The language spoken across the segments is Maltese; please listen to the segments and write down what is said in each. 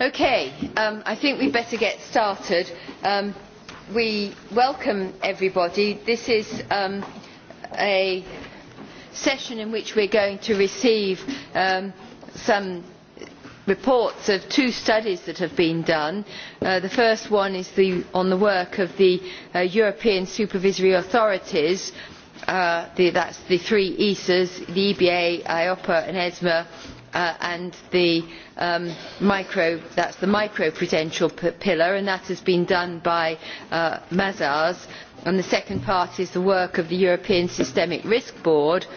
Okay, um, I think we better get started. Um, we welcome everybody. This is um, a session in which we are going to receive um, some reports of two studies that have been done. Uh, the first one is the, on the work of the uh, European Supervisory Authorities, uh, the, that's the three ESAs, the EBA, IOPA and ESMA, Uh, and the um, micro, that's the microprudential pillar, and that has been done by uh, Mazars. And the second part is the work of the European Systemic Risk Board, uh,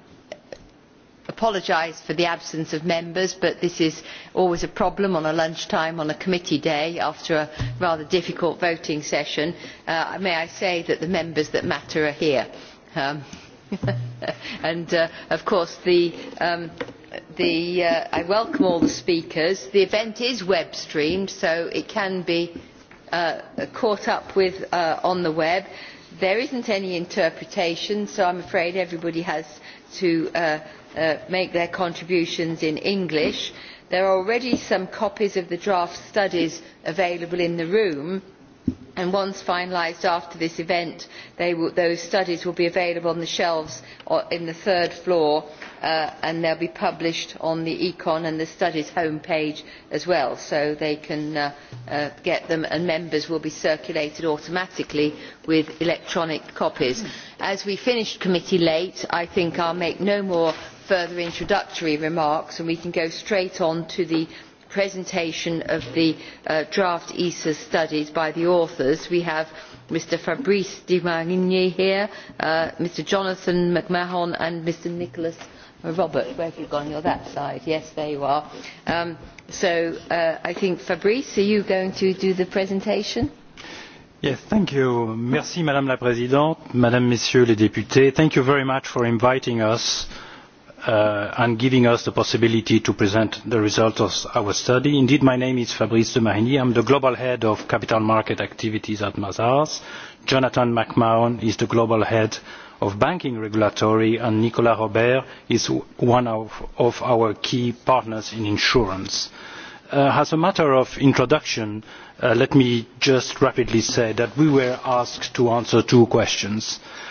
apologise for the absence of members but this is always a problem on a lunchtime on a committee day after a rather difficult voting session. Uh, may I say that the members that matter are here. Um, and uh, of course the, um, the, uh, I welcome all the speakers. The event is web streamed so it can be uh, caught up with uh, on the web. There isn't any interpretation so I'm afraid everybody has to uh, uh, make their contributions in English. There are already some copies of the draft studies available in the room and once finalised after this event will, those studies will be available on the shelves in the third floor uh, and they will be published on the econ and the studies homepage as well so they can uh, uh, get them and members will be circulated automatically with electronic copies. as we finished committee late i think i will make no more further introductory remarks and we can go straight on to the presentation of the uh, draft ESA studies by the authors. We have Mr Fabrice Di Marigny here, uh, Mr Jonathan McMahon and Mr Nicholas Robert, where have you gone? You're that side. Yes, there you are. Um, so uh, I think Fabrice, are you going to do the presentation? Yes, thank you. Merci, Madame la Présidente, Madame, Messieurs les députés. Thank you very much for inviting us uh, and giving us the possibility to present the results of our study. Indeed, my name is Fabrice de Marigny. I'm the global head of capital market activities at Mazars. Jonathan McMahon is the global head of banking regulatory, and Nicolas Robert is one of, of our key partners in insurance. Uh, as a matter of introduction, uh, let me just rapidly say that we were asked to answer two questions.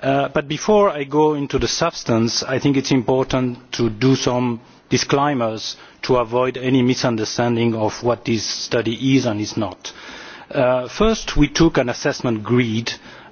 Uh, but before I go into the substance, I think it's important to do some disclaimers to avoid any misunderstanding of what this study is and is not. Uh, first, we took an assessment grid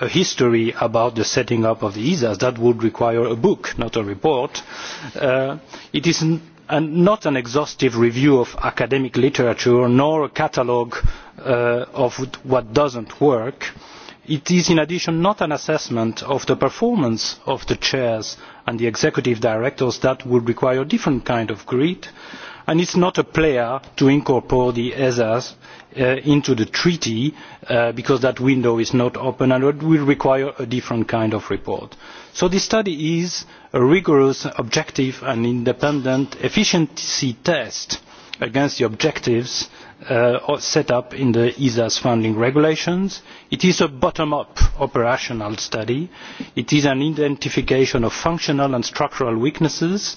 a history about the setting up of the ESAs. That would require a book, not a report. Uh, it is an, not an exhaustive review of academic literature, nor a catalogue uh, of what doesn't work. It is, in addition, not an assessment of the performance of the chairs and the executive directors that would require a different kind of grid and it is not a player to incorporate the ESAs uh, into the treaty uh, because that window is not open and it will require a different kind of report. So this study is a rigorous, objective and independent efficiency test against the objectives uh, set up in the ESA's funding regulations. It is a bottom-up operational study. It is an identification of functional and structural weaknesses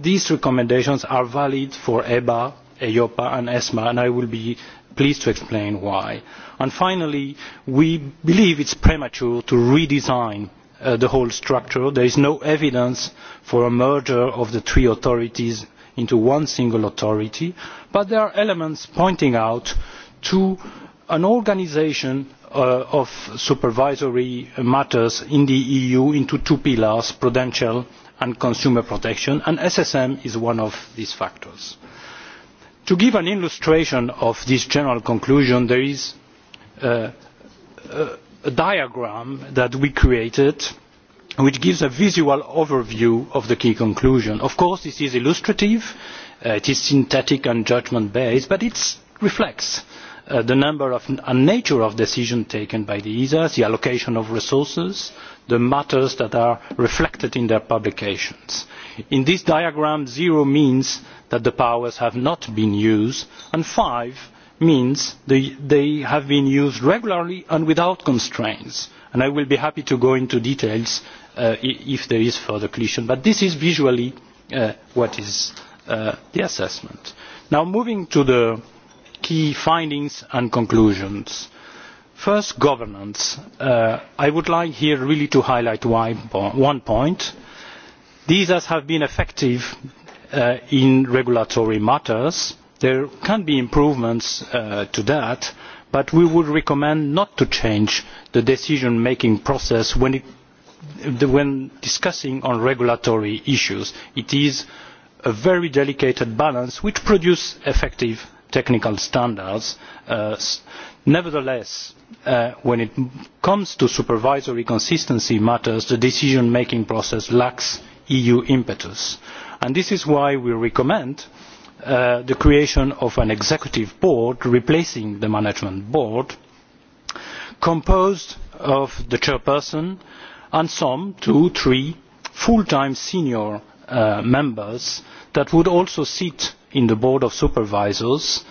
These recommendations are valid for EBA, EIOPA and ESMA, and I will be pleased to explain why. And finally, we believe it's premature to redesign uh, the whole structure. There is no evidence for a merger of the three authorities into one single authority, but there are elements pointing out to an organisation uh, of supervisory matters in the EU into two pillars, prudential and consumer protection, and SSM is one of these factors. To give an illustration of this general conclusion, there is a, uh, a, uh, a diagram that we created which gives a visual overview of the key conclusion. Of course, this is illustrative, uh, it is synthetic and judgment-based, but it reflects uh, the number of, and nature of decisions taken by the ESA, the allocation of resources, the matters that are reflected in their publications. In this diagram, zero means that the powers have not been used, and five means they, they have been used regularly and without constraints. And I will be happy to go into details uh, if there is further collision. But this is visually uh, what is uh, the assessment. Now moving to the key findings and conclusions. First, governance. Uh, I would like here really to highlight one point. These have been effective uh, in regulatory matters. There can be improvements uh, to that, but we would recommend not to change the decision-making process when, it, when discussing on regulatory issues. It is a very delicate balance which produces effective technical standards. Uh, nevertheless, Uh, when it comes to supervisory consistency matters, the decision-making process lacks EU impetus. And this is why we recommend uh, the creation of an executive board replacing the management board, composed of the chairperson and some, two, three, full-time senior uh, members that would also sit in the board of supervisors uh,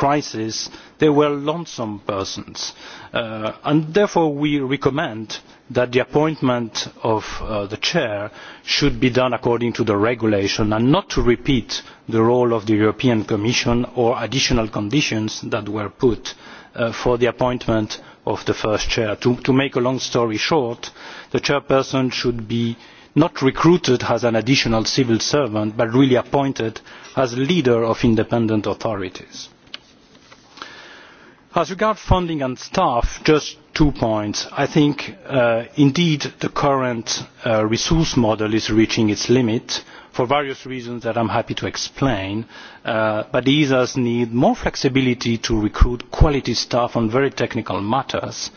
crisis, they were lonesome persons. Uh, and therefore we recommend that the appointment of uh, the chair should be done according to the regulation and not to repeat the role of the European Commission or additional conditions that were put uh, for the appointment of the first chair. To, to make a long story short, the chairperson should be not recruited as an additional civil servant but really appointed as leader of independent authorities. As regards funding and staff, just two points. I think uh, indeed the current uh, resource model is reaching its limit for various reasons that I'm happy to explain, uh, but ESAs need more flexibility to recruit quality staff on very technical matters.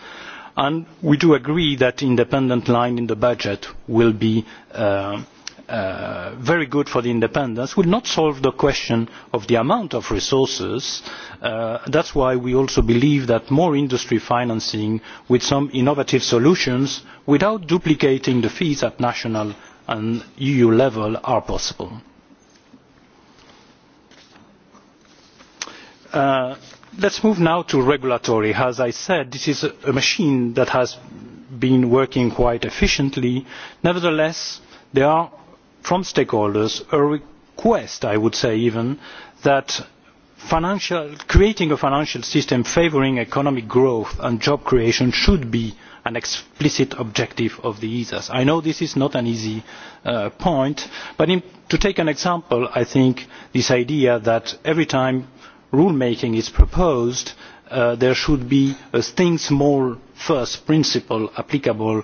And we do agree that independent line in the budget will be uh, uh, very good for the independence will not solve the question of the amount of resources. Uh, that's why we also believe that more industry financing with some innovative solutions without duplicating the fees at national and EU level are possible. Uh, let's move now to regulatory. As I said, this is a machine that has been working quite efficiently. Nevertheless, there are from stakeholders a request, I would say even, that financial, creating a financial system favouring economic growth and job creation should be an explicit objective of the ESAs. I know this is not an easy uh, point, but in, to take an example, I think this idea that every time rulemaking is proposed, uh, there should be a think small first principle applicable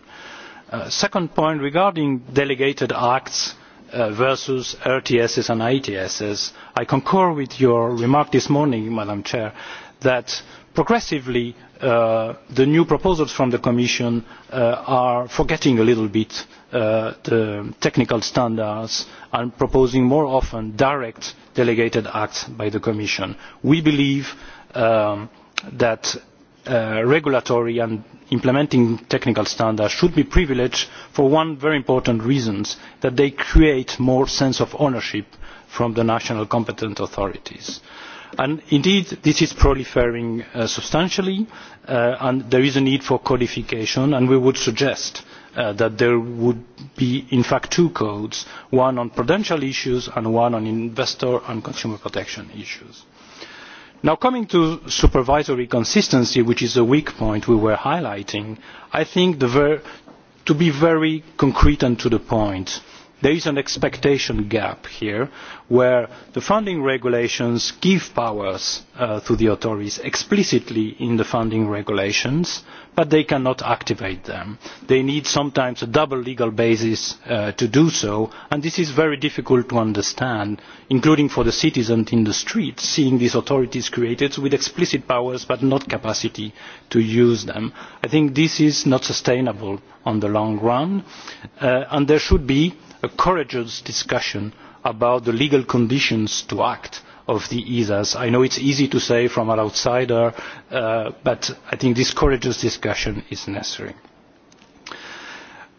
Uh, second point regarding delegated acts uh, versus RTSs and ITSs, I concur with your remark this morning, Madam Chair, that progressively uh, the new proposals from the Commission uh, are forgetting a little bit uh, the technical standards and proposing more often direct delegated acts by the Commission. We believe um, that Uh, regulatory and implementing technical standards should be privileged for one very important reason that they create more sense of ownership from the national competent authorities. And indeed, this is proliferating uh, substantially, uh, and there is a need for codification, and we would suggest uh, that there would be, in fact, two codes, one on prudential issues and one on investor and consumer protection issues. Uh, Now coming to supervisory consistency, which is a weak point we were highlighting, I think the ver to be very concrete and to the point, there is an expectation gap here where the funding regulations give powers uh, to the authorities explicitly in the funding regulations, but they cannot activate them. They need sometimes a double legal basis uh, to do so, and this is very difficult to understand, including for the citizens in the streets, seeing these authorities created with explicit powers but not capacity to use them. I think this is not sustainable on the long run, uh, and there should be a courageous discussion about the legal conditions to act of the ESAs. I know it's easy to say from an outsider, uh, but I think this courageous discussion is necessary.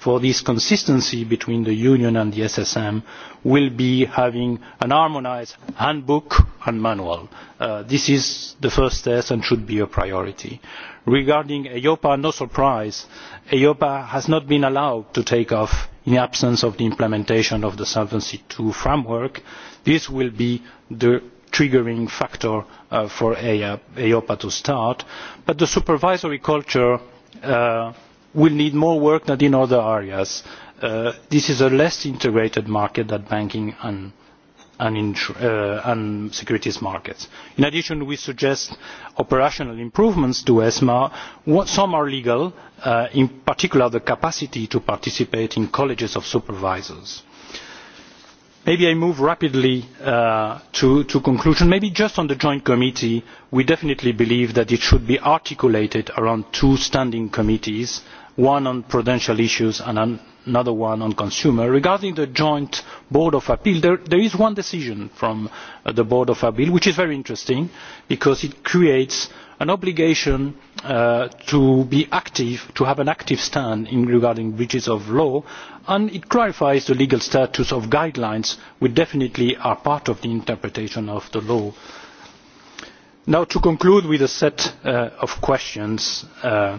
for this consistency between the Union and the SSM will be having an harmonised handbook and manual. Uh, this is the first test and should be a priority. Regarding EIOPA, no surprise, EIOPA has not been allowed to take off in the absence of the implementation of the Solvency II framework. This will be the triggering factor uh, for EIOPA e to start. But the supervisory culture uh, will need more work than in other areas. Uh, this is a less integrated market than banking and, and, uh, and securities markets. In addition, we suggest operational improvements to ESMA. What, some are legal, uh, in particular the capacity to participate in colleges of supervisors. Maybe I move rapidly uh, to, to conclusion. Maybe just on the joint committee, we definitely believe that it should be articulated around two standing committees one on prudential issues and another one on consumer. Regarding the joint Board of Appeal, there, there is one decision from uh, the Board of Appeal, which is very interesting because it creates an obligation uh, to be active, to have an active stand in regarding breaches of law, and it clarifies the legal status of guidelines, which definitely are part of the interpretation of the law. Now, to conclude with a set uh, of questions, uh,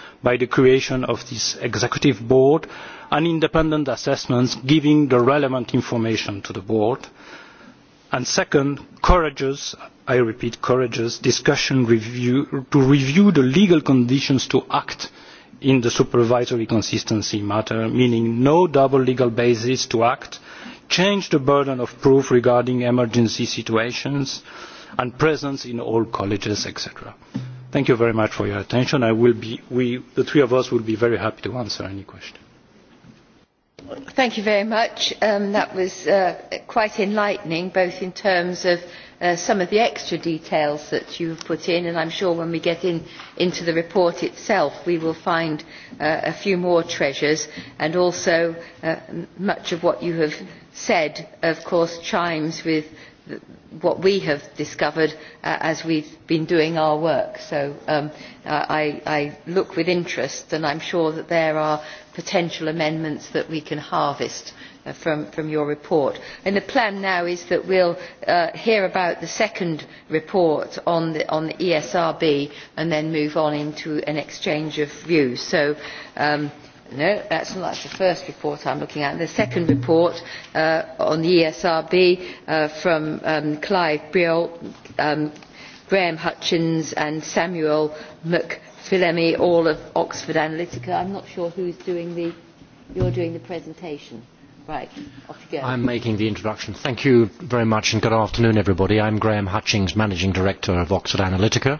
by the creation of this executive board and independent assessments giving the relevant information to the board. And second, courageous, I repeat, courageous discussion review, to review the legal conditions to act in the supervisory consistency matter, meaning no double legal basis to act, change the burden of proof regarding emergency situations, and presence in all colleges, etc. Thank you very much for your attention. I will be, we, the three of us will be very happy to answer any question. Thank you very much. Um, that was uh, quite enlightening, both in terms of uh, some of the extra details that you have put in, and I'm sure when we get in, into the report itself, we will find uh, a few more treasures, and also uh, much of what you have said, of course, chimes with what we have discovered uh, as we've been doing our work. So um, uh, I, I look with interest and I'm sure that there are potential amendments that we can harvest uh, from, from your report. And the plan now is that we'll uh, hear about the second report on the, on the ESRB and then move on into an exchange of views. So um, No, that's not that's the first report I'm looking at. The second report uh, on the ESRB uh, from um, Clive Brill, um, Graham Hutchins and Samuel McPhillemy, all of Oxford Analytica. I'm not sure who's doing the, you're doing the presentation. Right, off you go. I'm making the introduction. Thank you very much and good afternoon everybody. I'm Graham Hutchings, Managing Director of Oxford Analytica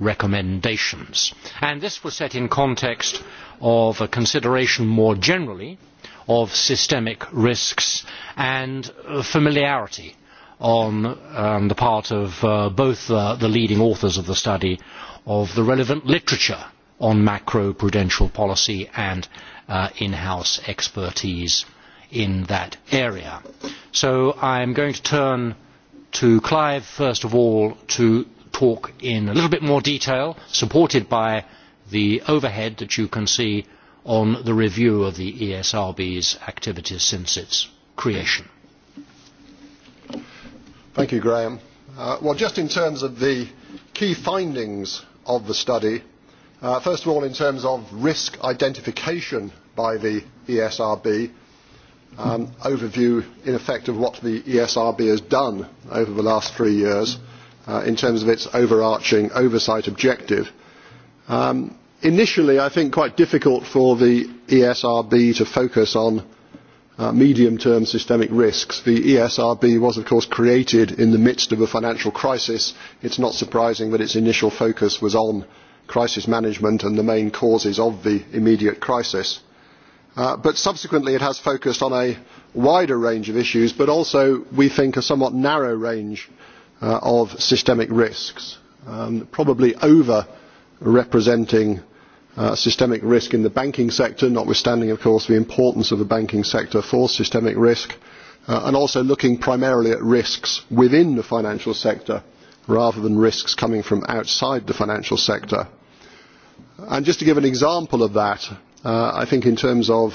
recommendations. And this was set in context of a consideration more generally of systemic risks and uh, familiarity on um, the part of uh, both uh, the leading authors of the study of the relevant literature on macroprudential policy and uh, in-house expertise in that area. So I'm going to turn to Clive first of all to talk in a little bit more detail, supported by the overhead that you can see on the review of the ESRB's activities since its creation. Thank you, Graham. Uh, well, just in terms of the key findings of the study, uh, first of all, in terms of risk identification by the ESRB, um, overview, in effect, of what the ESRB has done over the last three years. Mm -hmm uh, in terms of its overarching oversight objective. Um, initially, I think quite difficult for the ESRB to focus on uh, medium-term systemic risks. The ESRB was, of course, created in the midst of a financial crisis. It's not surprising that its initial focus was on crisis management and the main causes of the immediate crisis. Uh, but subsequently it has focused on a wider range of issues, but also, we think, a somewhat narrow range uh, of systemic risks, um, probably over representing uh, systemic risk in the banking sector, notwithstanding, of course, the importance of the banking sector for systemic risk, uh, and also looking primarily at risks within the financial sector rather than risks coming from outside the financial sector. And just to give an example of that, uh, I think in terms of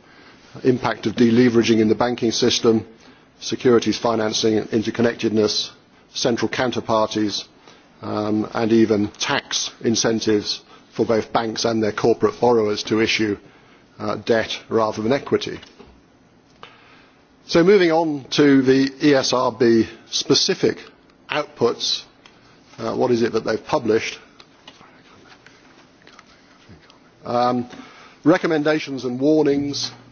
impact of deleveraging in the banking system, securities financing, interconnectedness, central counterparties, um, and even tax incentives for both banks and their corporate borrowers to issue uh, debt rather than equity. So moving on to the ESRB specific outputs, uh, what is it that they've published? Um, recommendations and warnings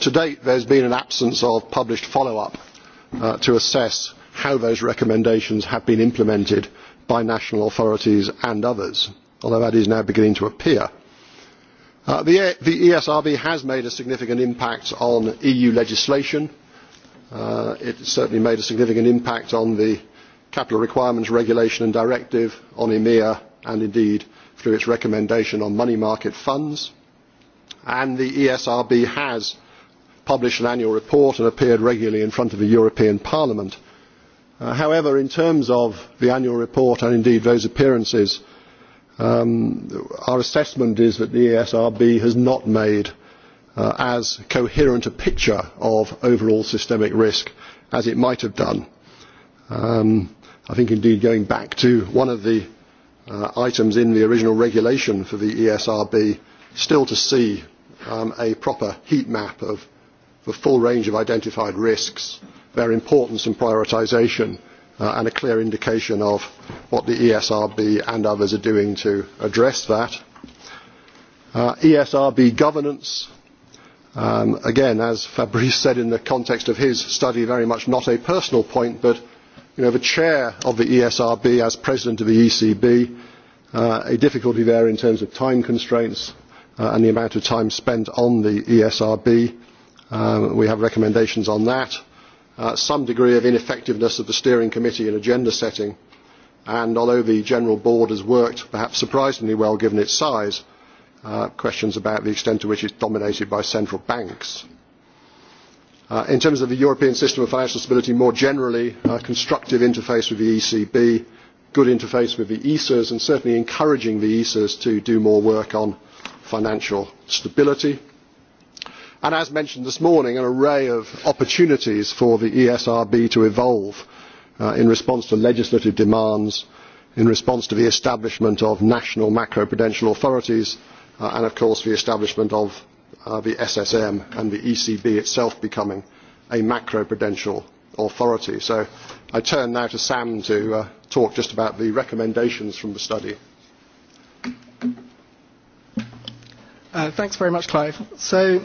To date, there has been an absence of published follow-up uh, to assess how those recommendations have been implemented by national authorities and others, although that is now beginning to appear. Uh, the, e, the ESRB has made a significant impact on EU legislation. Uh, it certainly made a significant impact on the Capital Requirements Regulation and Directive, on EMEA, and indeed through its recommendation on money market funds. And the ESRB has published an annual report and appeared regularly in front of the European Parliament. Uh, however, in terms of the annual report and indeed those appearances, um, our assessment is that the ESRB has not made uh, as coherent a picture of overall systemic risk as it might have done. Um, I think indeed going back to one of the uh, items in the original regulation for the ESRB, still to see um, a proper heat map of the full range of identified risks, their importance and prioritisation, uh, and a clear indication of what the ESRB and others are doing to address that. Uh, ESRB governance, um, again, as Fabrice said in the context of his study, very much not a personal point, but you know, the chair of the ESRB as president of the ECB, uh, a difficulty there in terms of time constraints uh, and the amount of time spent on the ESRB. Um, we have recommendations on that. Uh, some degree of ineffectiveness of the steering committee in agenda setting. And although the general board has worked, perhaps surprisingly well given its size, uh, questions about the extent to which it's dominated by central banks. Uh, in terms of the European system of financial stability more generally, uh, constructive interface with the ECB, good interface with the ESAs, and certainly encouraging the ESAs to do more work on financial stability. And as mentioned this morning, an array of opportunities for the ESRB to evolve uh, in response to legislative demands, in response to the establishment of national macroprudential authorities, uh, and of course the establishment of uh, the SSM and the ECB itself becoming a macroprudential authority. So I turn now to Sam to uh, talk just about the recommendations from the study. Uh, thanks very much, Clive. So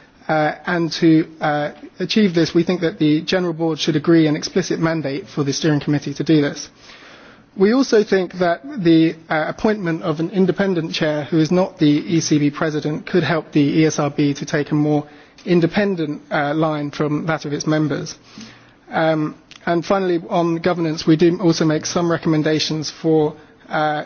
Uh, and to uh, achieve this, we think that the General Board should agree an explicit mandate for the Steering Committee to do this. We also think that the uh, appointment of an independent chair who is not the ECB president could help the ESRB to take a more independent uh, line from that of its members. Um, and finally, on governance, we do also make some recommendations for uh,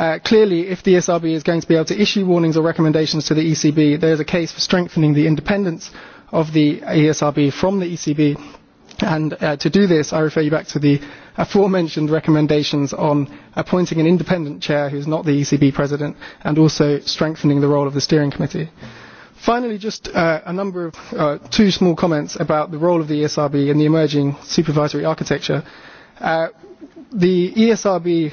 Uh, clearly, if the ESRB is going to be able to issue warnings or recommendations to the ECB, there is a case for strengthening the independence of the ESRB from the ECB. And uh, to do this, I refer you back to the aforementioned recommendations on appointing an independent chair who is not the ECB president and also strengthening the role of the steering committee. Finally, just uh, a number of uh, two small comments about the role of the ESRB in the emerging supervisory architecture. Uh, the ESRB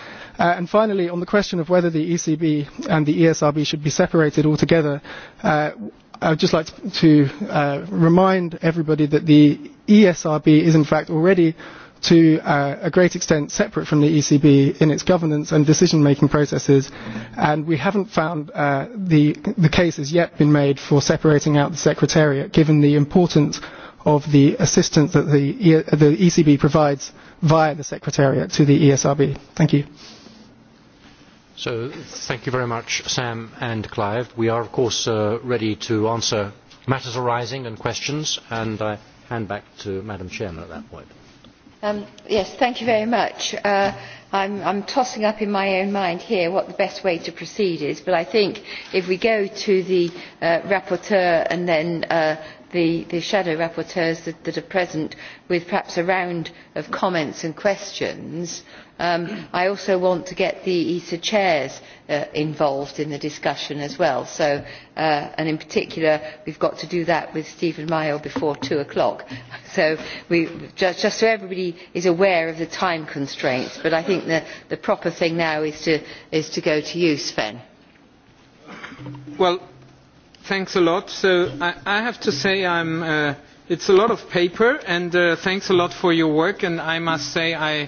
Uh, and finally, on the question of whether the ECB and the ESRB should be separated altogether, uh, I would just like to, to uh, remind everybody that the ESRB is in fact already to uh, a great extent separate from the ECB in its governance and decision-making processes, and we haven't found uh, the, the case has yet been made for separating out the Secretariat, given the importance of the assistance that the, e the ECB provides via the Secretariat to the ESRB. Thank you. So thank you very much, Sam and Clive. We are, of course, uh, ready to answer matters arising and questions, and I hand back to Madam Chairman at that point. Um, yes, thank you very much. Uh, I'm, I'm tossing up in my own mind here what the best way to proceed is, but I think if we go to the uh, rapporteur and then uh, the, the shadow rapporteurs that, that are present with perhaps a round of comments and questions, uh, Um, I also want to get the ESA chairs uh, involved in the discussion as well. Uh, and in particular, have got to do that with Stephen Mayo before two o'clock. So we, just, just so everybody is aware of the time constraints. But I think the, the proper thing now is to, is to go to you, Sven. Well, thanks a lot. So I, have to say uh, it's a lot of paper, and thanks a lot for your work. And I must say I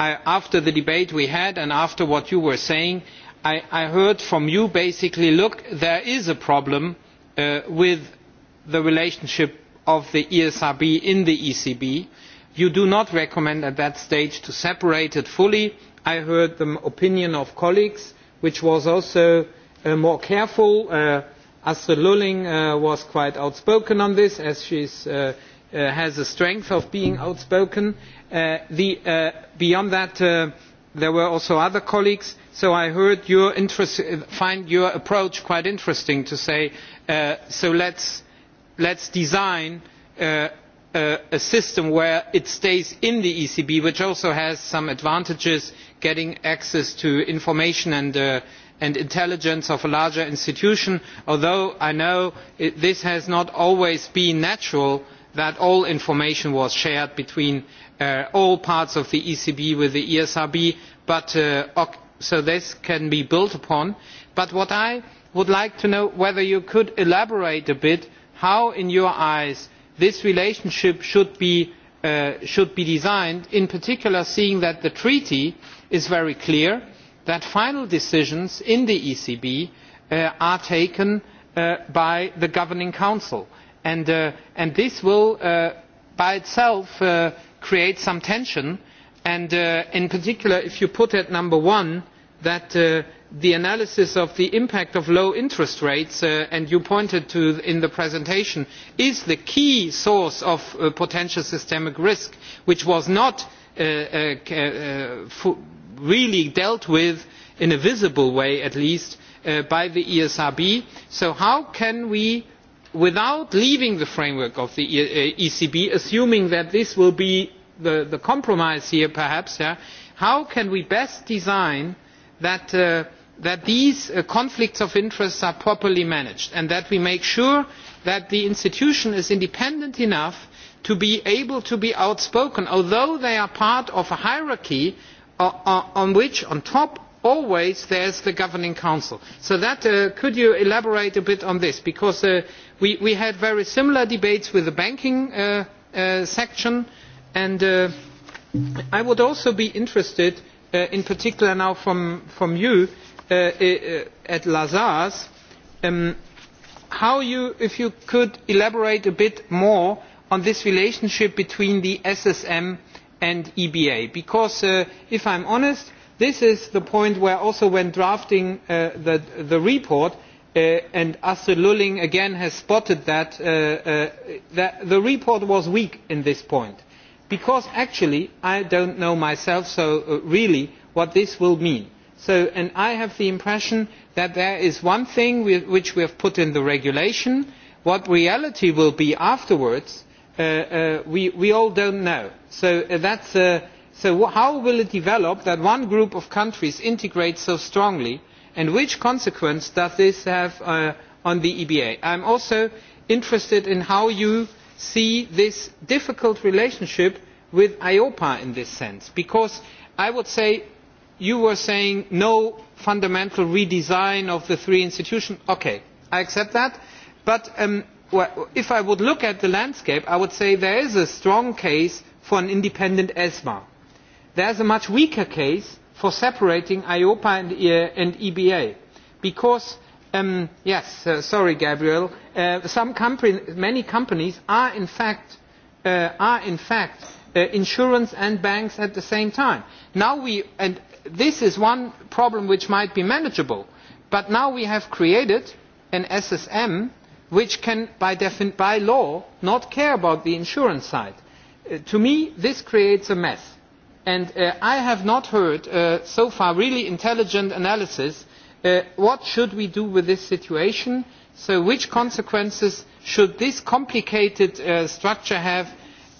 I, after the debate we had and after what you were saying, I, I heard from you basically, look, there is a problem uh, with the relationship of the ESRB in the ECB. You do not recommend at that stage to separate it fully. I heard the opinion of colleagues, which was also uh, more careful. Uh, Astrid Lulling uh, was quite outspoken on this, as she's uh, uh, has the strength of being outspoken. Uh, the, uh, beyond that, uh, there were also other colleagues, so I heard your interest, find your approach quite interesting to say, uh, so let's, let's design uh, uh, a system where it stays in the ECB, which also has some advantages, getting access to information and uh, and intelligence of a larger institution although i know it, this has not always been natural that all information was shared between uh, all parts of the ECB with the ESRB, but, uh, so this can be built upon. But what I would like to know whether you could elaborate a bit how, in your eyes, this relationship should be, uh, should be designed, in particular seeing that the treaty is very clear that final decisions in the ECB uh, are taken uh, by the governing council and, uh, and this will uh, by itself uh, create some tension and uh, in particular if you put at number one that uh, the analysis of the impact of low interest rates uh, and you pointed to in the presentation is the key source of uh, potential systemic risk which was not uh, uh, uh, really dealt with in a visible way at least uh, by the ESRB so how can we without leaving the framework of the ECB, uh, e assuming that this will be the, the compromise here perhaps, yeah, how can we best design that, uh, that these uh, conflicts of interest are properly managed and that we make sure that the institution is independent enough to be able to be outspoken, although they are part of a hierarchy uh, uh on which, on top always there is the governing council. So that, uh, could you elaborate a bit on this? Because uh, We, had very similar debates with the banking uh, uh, section, and uh, I would also be interested, in particular now from, from you at Lazars, um, how you, if you could elaborate a bit more on this relationship between the SSM and EBA, because if if I'm honest, this is the point where also when drafting the report, uh, and Astrid Lulling again has spotted that, uh, uh, that the report was weak in this point. Because actually, I don't know myself so uh, really what this will mean. So, and I have the impression that there is one thing we, which we have put in the regulation. What reality will be afterwards, uh, uh, we, we all don't know. So, uh, that's, uh, so how will it develop that one group of countries integrates so strongly and which consequence does this have uh, on the EBA? I am also interested in how you see this difficult relationship with EIOPA in this sense, because I would say you were saying no fundamental redesign of the three institutions. Okay, I accept that, but um, well, if I would look at the landscape, I would say there is a strong case for an independent ESMA. There is a much weaker case for separating IOPA and, uh, and EBA. Because, um, yes, uh, sorry, Gabriel, uh, some company, many companies are in fact, uh, are in fact uh, insurance and banks at the same time. Now we, and this is one problem which might be manageable, but now we have created an SSM which can, by, defin by law, not care about the insurance side. Uh, to me, this creates a mess And uh, I have not heard uh, so far really intelligent analysis uh, what should we do with this situation, so which consequences should this complicated uh, structure have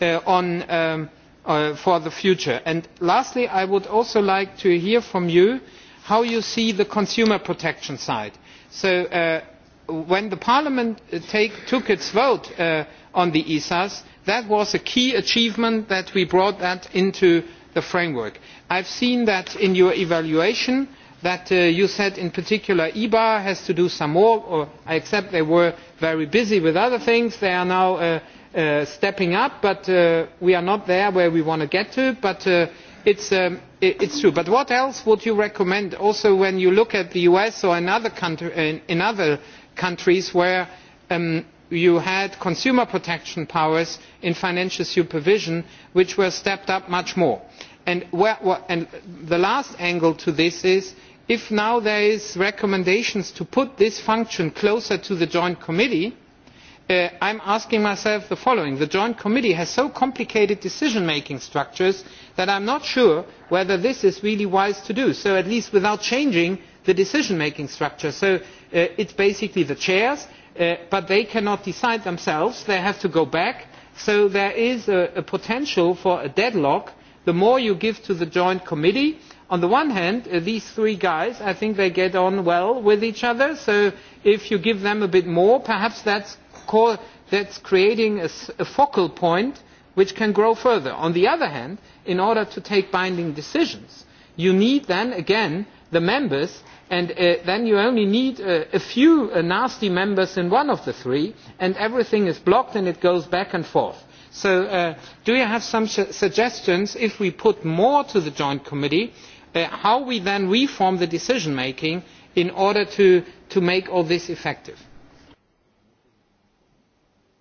uh, on, um, uh, for the future. And lastly, I would also like to hear from you how you see the consumer protection side. So uh, when the Parliament uh, take, took its vote uh, on the ESAs, that was a key achievement that we brought that into the framework. I have seen that in your evaluation that uh, you said in particular EBA has to do some more, or I accept they were very busy with other things. They are now uh, uh, stepping up, but uh, we are not there where we want to get to. But uh, it's, um, it, it's true. But what else would you recommend also when you look at the US or in other, country, in, in other countries where um, you had consumer protection powers in financial supervision which were stepped up much more? And, where, and the last angle to this is if now there are recommendations to put this function closer to the joint committee uh, I am asking myself the following the joint committee has so complicated decision making structures that I am not sure whether this is really wise to do so at least without changing the decision making structure so uh, it is basically the chairs uh, but they cannot decide themselves they have to go back so there is a, a potential for a deadlock the more you give to the joint committee. On the one hand, uh, these three guys, I think they get on well with each other, so if you give them a bit more, perhaps that's, co that's creating a, a focal point which can grow further. On the other hand, in order to take binding decisions, you need then again the members and uh, then you only need uh, a few uh, nasty members in one of the three and everything is blocked and it goes back and forth. So uh, do you have some suggestions if we put more to the joint committee, uh, how we then reform the decision making in order to, to make all this effective?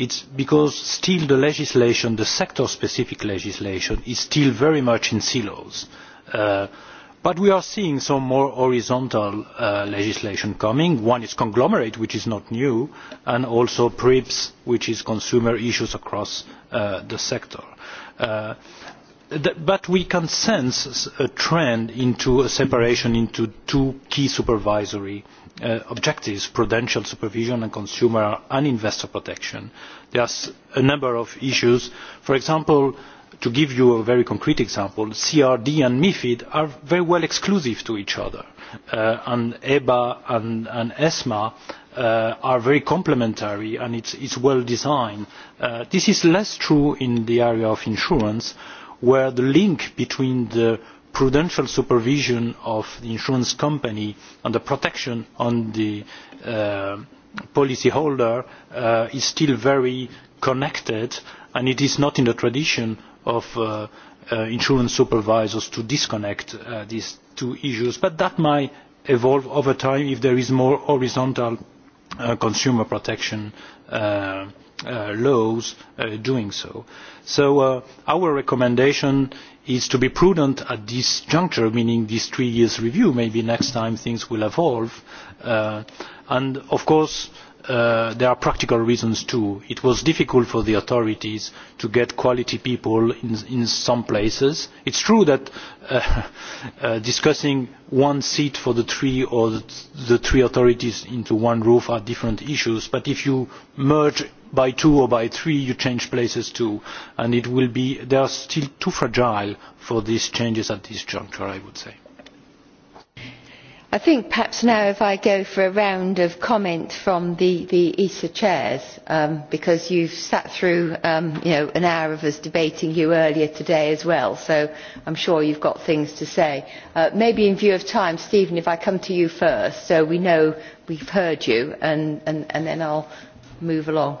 it's because still the legislation, the sector-specific legislation, is still very much in silos. Uh, but we are seeing some more horizontal uh, legislation coming. One is conglomerate, which is not new, and also PRIPS, which is consumer issues across uh, the sector. Uh, th but we can sense a trend into a separation into two key supervisory uh, uh, objectives, prudential supervision and consumer and investor protection. There are a number of issues. For example, to give you a very concrete example, CRD and MIFID are very well exclusive to each other. Uh, and EBA and, and ESMA uh, are very complementary and it's, it's well designed. Uh, this is less true in the area of insurance, where the link between the prudential supervision of the insurance company and the protection on the uh, policyholder uh, is still very connected and it is not in the tradition of uh, uh, insurance supervisors to disconnect uh, these two issues. But that might evolve over time if there is more horizontal uh, consumer protection uh, uh, laws uh, doing so. So uh, our recommendation is to be prudent at this juncture, meaning this three years review. Maybe next time things will evolve. Uh, and of course, uh, there are practical reasons too. It was difficult for the authorities to get quality people in, in some places. It's true that uh, uh, discussing one seat for the three or the, the three authorities into one roof are different issues, but if you merge by two or by three you change places too and it will be they are still too fragile for these changes at this juncture i would say I think perhaps now if I go for a round of comment from the, the ESA chairs, um, because you've sat through um, you know, an hour of us debating you earlier today as well, so I'm sure you've got things to say. Uh, maybe in view of time, Stephen, if I come to you first, so we know we've heard you, and, and, and then I'll move along.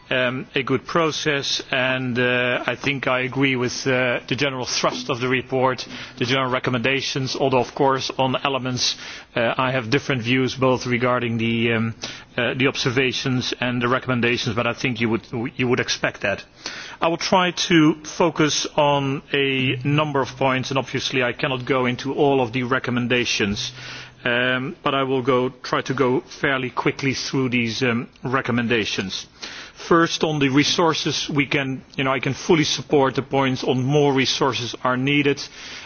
Um, a good process and uh, I think I agree with uh, the general thrust of the report, the general recommendations, although of course on elements uh, I have different views both regarding the, um, uh, the observations and the recommendations, but I think you would, you would expect that. I will try to focus on a number of points and obviously I cannot go into all of the recommendations. Um, but I will go, try to go fairly quickly through these um, recommendations. Uh, First, on the resources, we can, you know, I can fully support the points on more resources are needed.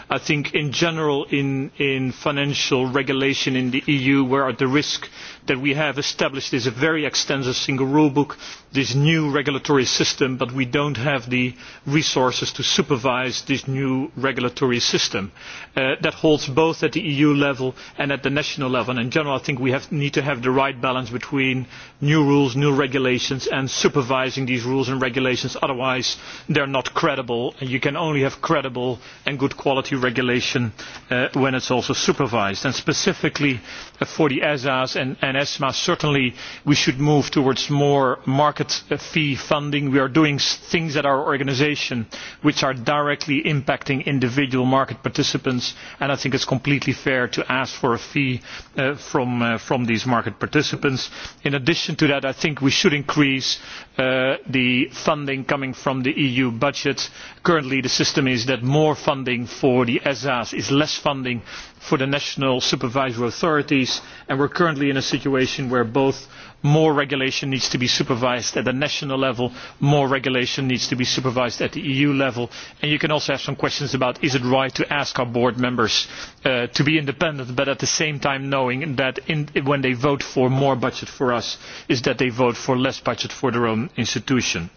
I think in general in, in financial regulation in the EU we are at the risk that we have established is a very extensive single rule book, this new regulatory system, but we do not have the resources to supervise this new regulatory system. Uh, that holds both at the EU level and at the national level. And in general, I think we have, need to have the right balance between new rules, new regulations, and supervising these rules and regulations. Otherwise, they are not credible, and you can only have credible and good quality regulation uh, when it is also supervised. And specifically uh, for the ESAs and, and ESMA, certainly we should move towards more market uh, fee funding. We are doing things at our organisation which are directly impacting individual market participants, and I think it is completely fair to ask for a fee uh, from, uh, from these market participants. In addition to that, I think we should increase uh, the funding coming from the EU budget. Currently, the system is that more funding for the ESAs is less funding for the national supervisory authorities, and we're currently in a situation where both more regulation needs to be supervised at the national level, more regulation needs to be supervised at the EU level, and you can also have some questions about is it right to ask our board members uh, to be independent, but at the same time knowing that in, when they vote for more budget for us, is that they vote for less budget for their own institution.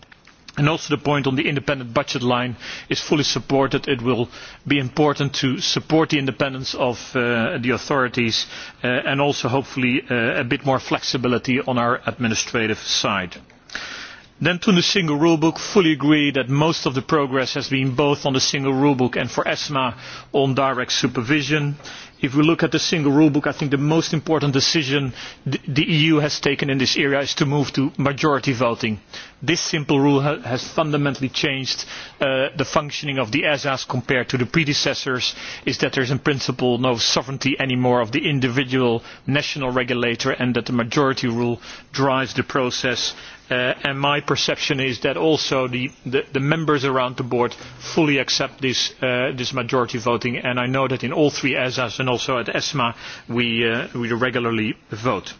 And also the point on the independent budget line is fully supported. It will be important to support the independence of uh, the authorities uh, and also hopefully uh, a bit more flexibility on our administrative side. Then to the single rulebook, fully agree that most of the progress has been both on the single rulebook and for ESMA on direct supervision. If we look at the single rulebook, I think the most important decision the EU has taken in this area is to move to majority voting this simple rule ha has fundamentally changed uh, the functioning of the ESAs compared to the predecessors, is that there is in principle no sovereignty anymore of the individual national regulator and that the majority rule drives the process. Uh, and my perception is that also the, the, the members around the board fully accept this, uh, this majority voting, and I know that in all three ESAs and also at ESMA we, uh, we regularly vote.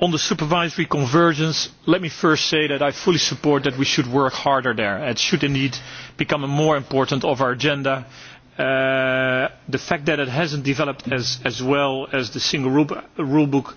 On the supervisory convergence, let me first say that I fully support that we should work harder there. It should indeed become more important of our agenda. Uh, the fact that it hasn't developed as, as well as the single rule, rule book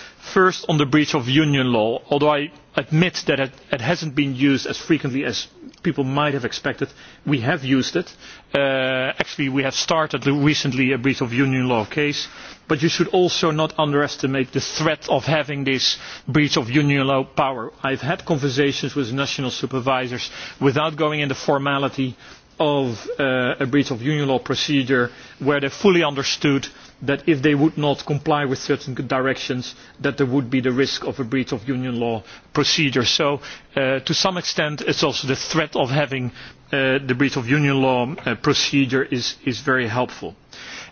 First, on the breach of union law, although I admit that it, it hasn't been used as frequently as people might have expected, we have used it. Uh, actually, we have started recently a breach of union law case, but you should also not underestimate the threat of having this breach of union law power. I've had conversations with national supervisors without going into formality of uh, a breach of union law procedure where they fully understood that if they would not comply with certain directions that there would be the risk of a breach of union law procedure. So uh, to some extent it's also the threat of having uh, the breach of union law uh, procedure is, is very helpful.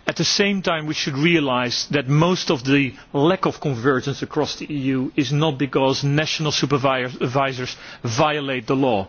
At the same time we should realise that most of the lack of convergence across the EU is not because national supervisors violate the law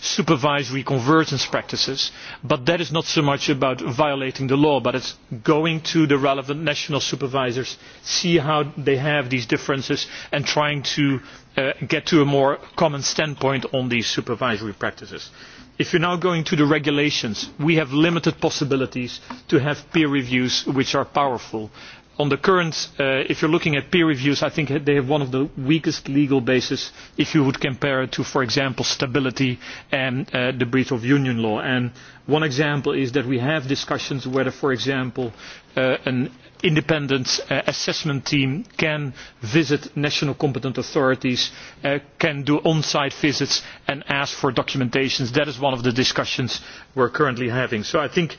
supervisory convergence practices, but that is not so much about violating the law, but it's going to the relevant national supervisors, see how they have these differences, and trying to uh, get to a more common standpoint on these supervisory practices. If you're now going to the regulations, we have limited possibilities to have peer reviews which are powerful on the current, uh, if you're looking at peer reviews, I think they have one of the weakest legal bases if you would compare it to, for example, stability and uh, the breach of union law. And one example is that we have discussions whether, for example, uh, an independent uh, assessment team can visit national competent authorities, uh, can do on-site visits and ask for documentations. That is one of the discussions we're currently having. So I think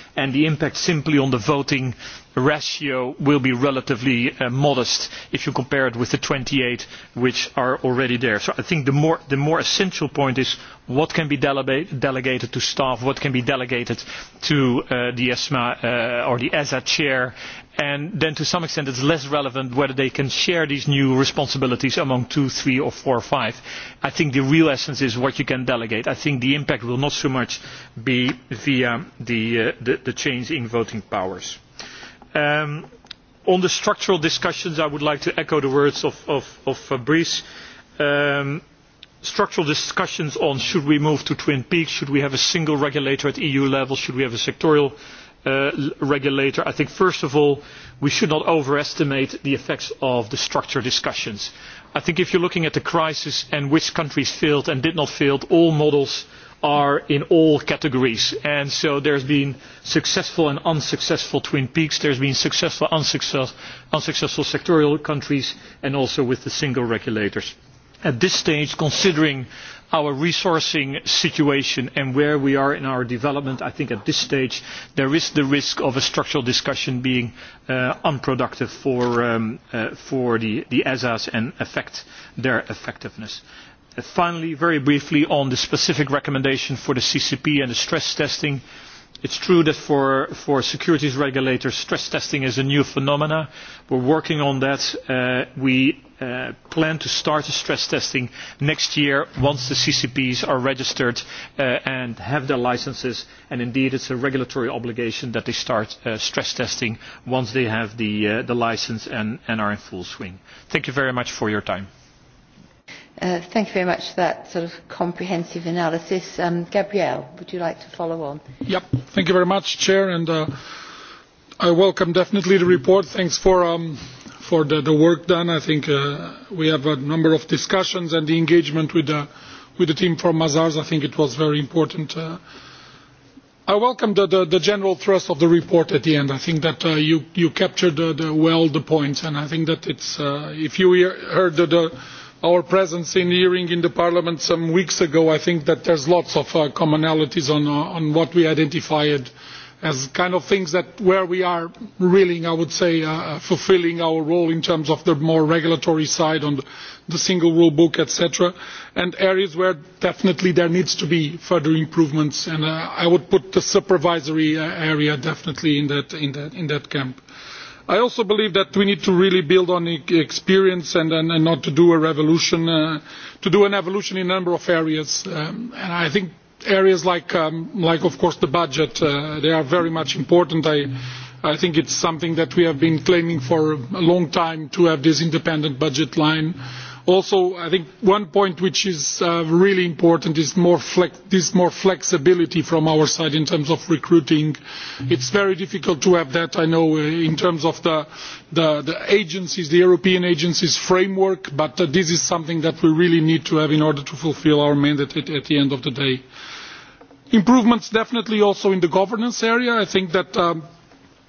and the impact simply on the voting ratio will be relatively uh, modest if you compare it with the twenty eight which are already there. So I think the more, the more essential point is what can be dele delegated to staff, what can be delegated to uh, the ESMA uh, or the ESA chair, and then to some extent it's less relevant whether they can share these new responsibilities among two, three or four or five. I think the real essence is what you can delegate. I think the impact will not so much be via the, uh, the, the change in voting powers. Um, on the structural discussions, I would like to echo the words of, of, of Fabrice. Um, structural discussions on should we move to Twin Peaks, should we have a single regulator at EU level, should we have a sectorial Uh, regulator, I think first of all we should not overestimate the effects of the structure discussions. I think if you're looking at the crisis and which countries failed and did not fail, all models are in all categories. And so there's been successful and unsuccessful Twin Peaks, there's been successful and unsuccess, unsuccessful sectorial countries, and also with the single regulators. At this stage, considering our resourcing situation and where we are in our development, I think at this stage there is the risk of a structural discussion being uh, unproductive for, um, uh, for the, the ESAs and affect their effectiveness. Uh, finally, very briefly on the specific recommendation for the CCP and the stress testing, It's true that for, for securities regulators, stress testing is a new phenomena. We're working on that. Uh, we uh, plan to start the stress testing next year once the CCPs are registered uh, and have their licenses. And indeed, it's a regulatory obligation that they start uh, stress testing once they have the, uh, the license and, and are in full swing. Thank you very much for your time. Uh, thank you very much for that sort of comprehensive analysis. Um, Gabrielle, would you like to follow on? Yep. Thank you very much, Chair, and uh, I welcome definitely the report. Thanks for um, for the, the work done. I think uh, we have a number of discussions and the engagement with the, with the team from Mazars. I think it was very important. Uh, I welcome the, the, the general thrust of the report at the end. I think that uh, you, you captured the, the, well the points, and I think that it's, uh, if you hear, heard the, the, our presence in hearing in the Parliament some weeks ago, I think that there's lots of uh, commonalities on, uh, on what we identified as kind of things that where we are really, I would say, uh, uh, fulfilling our role in terms of the more regulatory side on the single rule book, etc., and areas where definitely there needs to be further improvements. And uh, I would put the supervisory uh, area definitely in that, in that, in that camp. I also believe that we need to really build on e-, experience and, and, and not to do a revolution, uh, to do an evolution in a number of areas. Um, and I think areas like, um, like, of course, the budget, uh, they are very much important. I, I think it's something that we have been claiming for a long time to have this independent budget line. Uh, Also, I think one point which is uh, really important is more flex this more flexibility from our side in terms of recruiting. It's very difficult to have that, I know, uh, in terms of the, the, the agencies, the European agencies framework, but uh, this is something that we really need to have in order to fulfill our mandate at, at the end of the day. Improvements definitely also in the governance area. I think that um,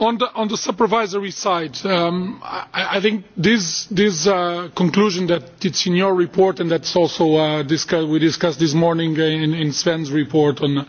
On the, on the supervisory side, um, I, I think this, this uh, conclusion that it's in your report and that's also uh, discuss, we discussed this morning in, in Sven's report on,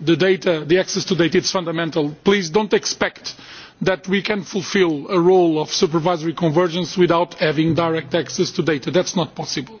the data, the access to data is fundamental. Please don't expect that we can fulfil a role of supervisory convergence without having direct access to data. That's not possible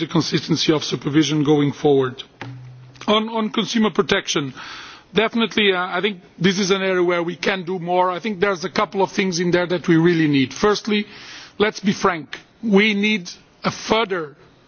greater consistency of supervision going forward. On, on consumer protection, definitely uh, I think this is an area where we can do more. I think there's a couple of things in there that we really need. Firstly, let's be frank. We need a further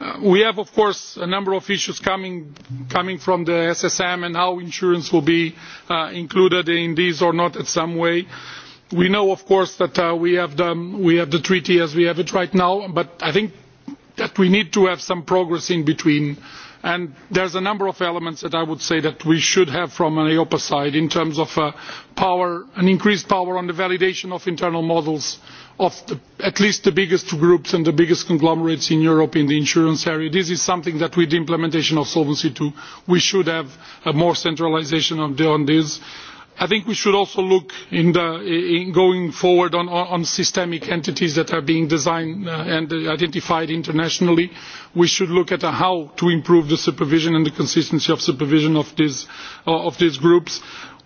Uh, we have, of course, a number of issues coming, coming from the SSM and how insurance will be uh, included in these or not in some way. We know, of course, that uh, we, have the, we have the treaty as we have it right now, but I think that we need to have some progress in between. And there's a number of elements that I would say that we should have from an EOPA side in terms of uh, power, an increased power on the validation of internal models, of the, at least the biggest groups and the biggest conglomerates in Europe in the insurance area. This is something that with the implementation of Solvency II, we should have a more centralization on, the, on this. I think we should also look in, the, in going forward on, on systemic entities that are being designed uh, and identified internationally. We should look at how to improve the supervision and the consistency of supervision of these, uh, of these groups.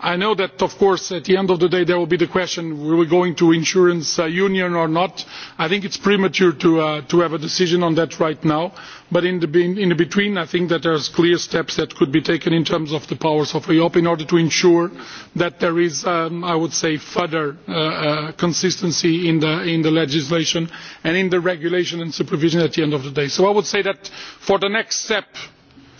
I know that, of course, at the end of the day, there will be the question, were we going to insurance uh, union or not? I think it's premature to, uh, to have a decision on that right now. But in the, in the between, I think that there's clear steps that could be taken in terms of the powers of EOP in order to ensure that there is, um, I would say, further uh, uh, consistency in the, in the legislation and in the regulation and supervision at the end of the day. So I would say that for the next step,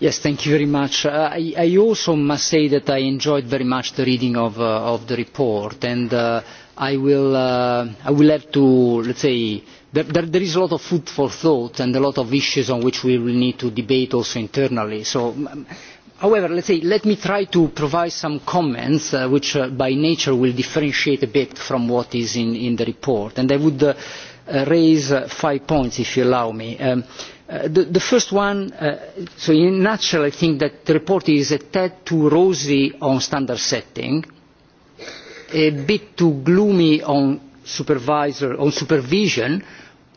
Yes, thank you very much. Uh, I, I also must say that I enjoyed very much the reading of, uh, of the report, and uh, I, will, uh, I will have to, let's say, there, there, there is a lot of food for thought and a lot of issues on which we will need to debate also internally. So, however, let's say, let me try to provide some comments uh, which uh, by nature will differentiate a bit from what is in, in the report. And I would uh, uh, raise uh, five points, if you allow me. Um, Uh, the, the first one, uh, so in a nutshell, I think that the report is a tad too rosy on standard setting, a bit too gloomy on supervisor, on supervision,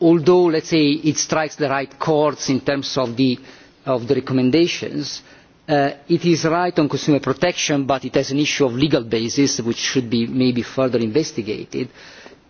although, let's say, it strikes the right chords in terms of the, of the recommendations. Uh, it is right on consumer protection, but it has an issue of legal basis, which should be maybe further investigated. Uh,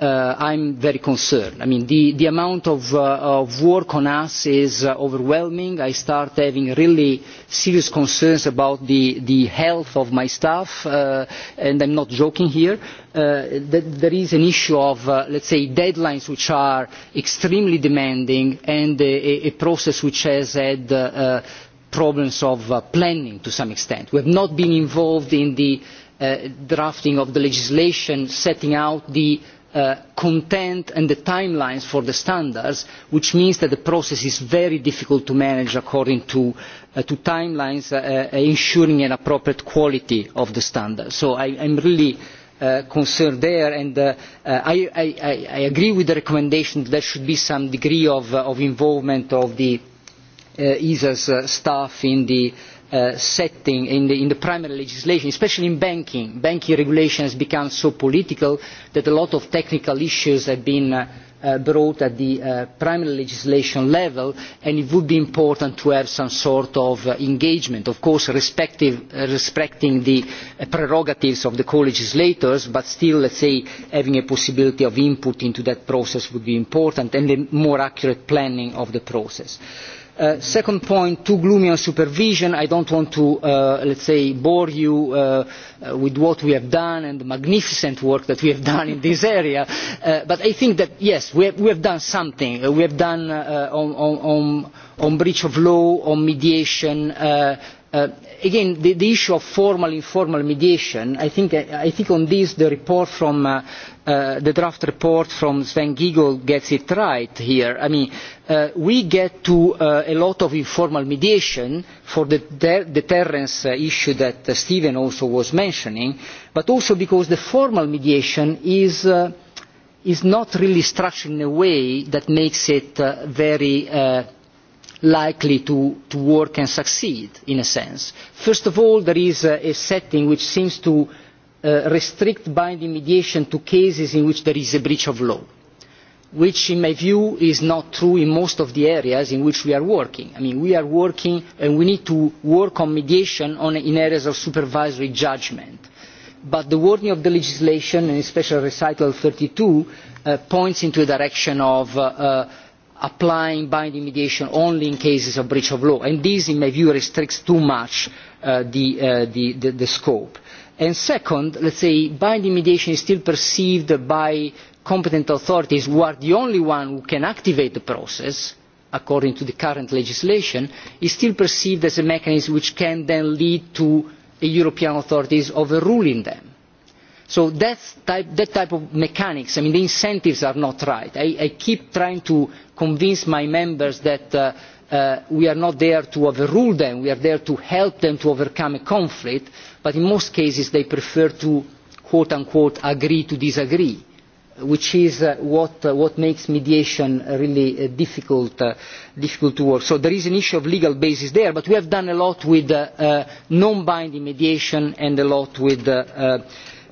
uh, I'm very concerned. I mean, the, the amount of, uh, of work on us is uh, overwhelming. I start having really serious concerns about the, the health of my staff, uh, and I'm not joking here. Uh, th there is an issue of, uh, let's say, deadlines which are extremely demanding and a, a process which has had uh, uh, problems of uh, planning to some extent. We have not been involved in the uh, drafting of the legislation setting out the uh, uh, content and the timelines for the standards, which means that the process is very difficult to manage according to, uh, to timelines, uh, uh, ensuring an appropriate quality of the standards. So I, I'm really uh, concerned there, and uh, uh, I, I, I agree with the recommendation that there should be some degree of, uh, of involvement of the uh, ESA's uh, staff in the uh, Uh, setting in the, in the primary legislation, especially in banking. Banking regulation has become so political that a lot of technical issues have been uh, uh, brought at the uh, primary legislation level and it would be important to have some sort of uh, engagement, of course respective, uh, respecting the uh, prerogatives of the co-legislators but still let's say having a possibility of input into that process would be important and a more accurate planning of the process. Uh, Uh, second point, too gloomy on supervision. I don't want to, uh, let's say, bore you uh, uh with what we have done and the magnificent work that we have done in this area. Uh, but I think that, yes, we have, we have done something. Uh, we have done uh, on, on, on, on breach of law, on mediation, uh, Uh, again, the, the issue of formal informal mediation, I think, I think on this the report from uh, uh, the draft report from Sven Giegel gets it right here. I mean, uh, we get to uh, a lot of informal mediation for the ter- deterrence uh, issue that uh, Stephen also was mentioning, but also because the formal mediation is. Uh, is not really structured in a way that makes it uh, very uh, likely to, to work and succeed, in a sense. First of all, there is a, a setting which seems to uh, restrict binding mediation to cases in which there is a breach of law, which in my view is not true in most of the areas in which we are working. I mean, we are working and we need to work on mediation on, in areas of supervisory judgment. But the wording of the legislation, and especially recital 32, uh, points into a direction of uh, uh, applying binding mediation only in cases of breach of law. And this, in my view, restricts too much uh, the, uh, the, the, the scope. And second, let's say binding mediation is still perceived by competent authorities who are the only one who can activate the process, according to the current legislation, is still perceived as a mechanism which can then lead to a European authorities overruling them. So that's type, that type of mechanics, I mean, the incentives are not right. I, I keep trying to convince my members that uh, uh, we are not there to overrule them, we are there to help them to overcome a conflict, but in most cases they prefer to, quote unquote, agree to disagree, which is uh, what, uh, what makes mediation really uh, difficult, uh, difficult to work. So there is an issue of legal basis there, but we have done a lot with uh, uh, non-binding mediation and a lot with uh, uh,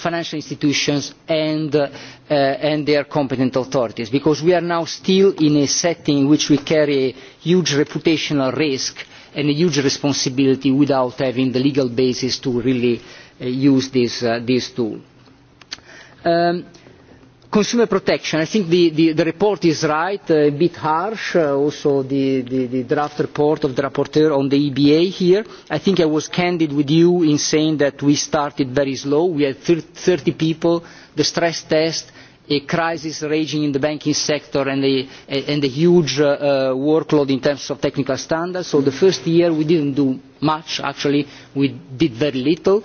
financial institutions and, uh, and their competent authorities because we are now still in a setting in which we carry a huge reputational risk and a huge responsibility without having the legal basis to really uh, use this, uh, this tool. Um, Consumer protection, I think the, the, the report is right, uh, a bit harsh, uh, also the, the, the draft report of the rapporteur on the EBA here. I think I was candid with you in saying that we started very slow. We had 30 people, the stress test, a crisis raging in the banking sector and a, and a huge uh, uh, workload in terms of technical standards. So the first year we didn't do much, actually, we did very little.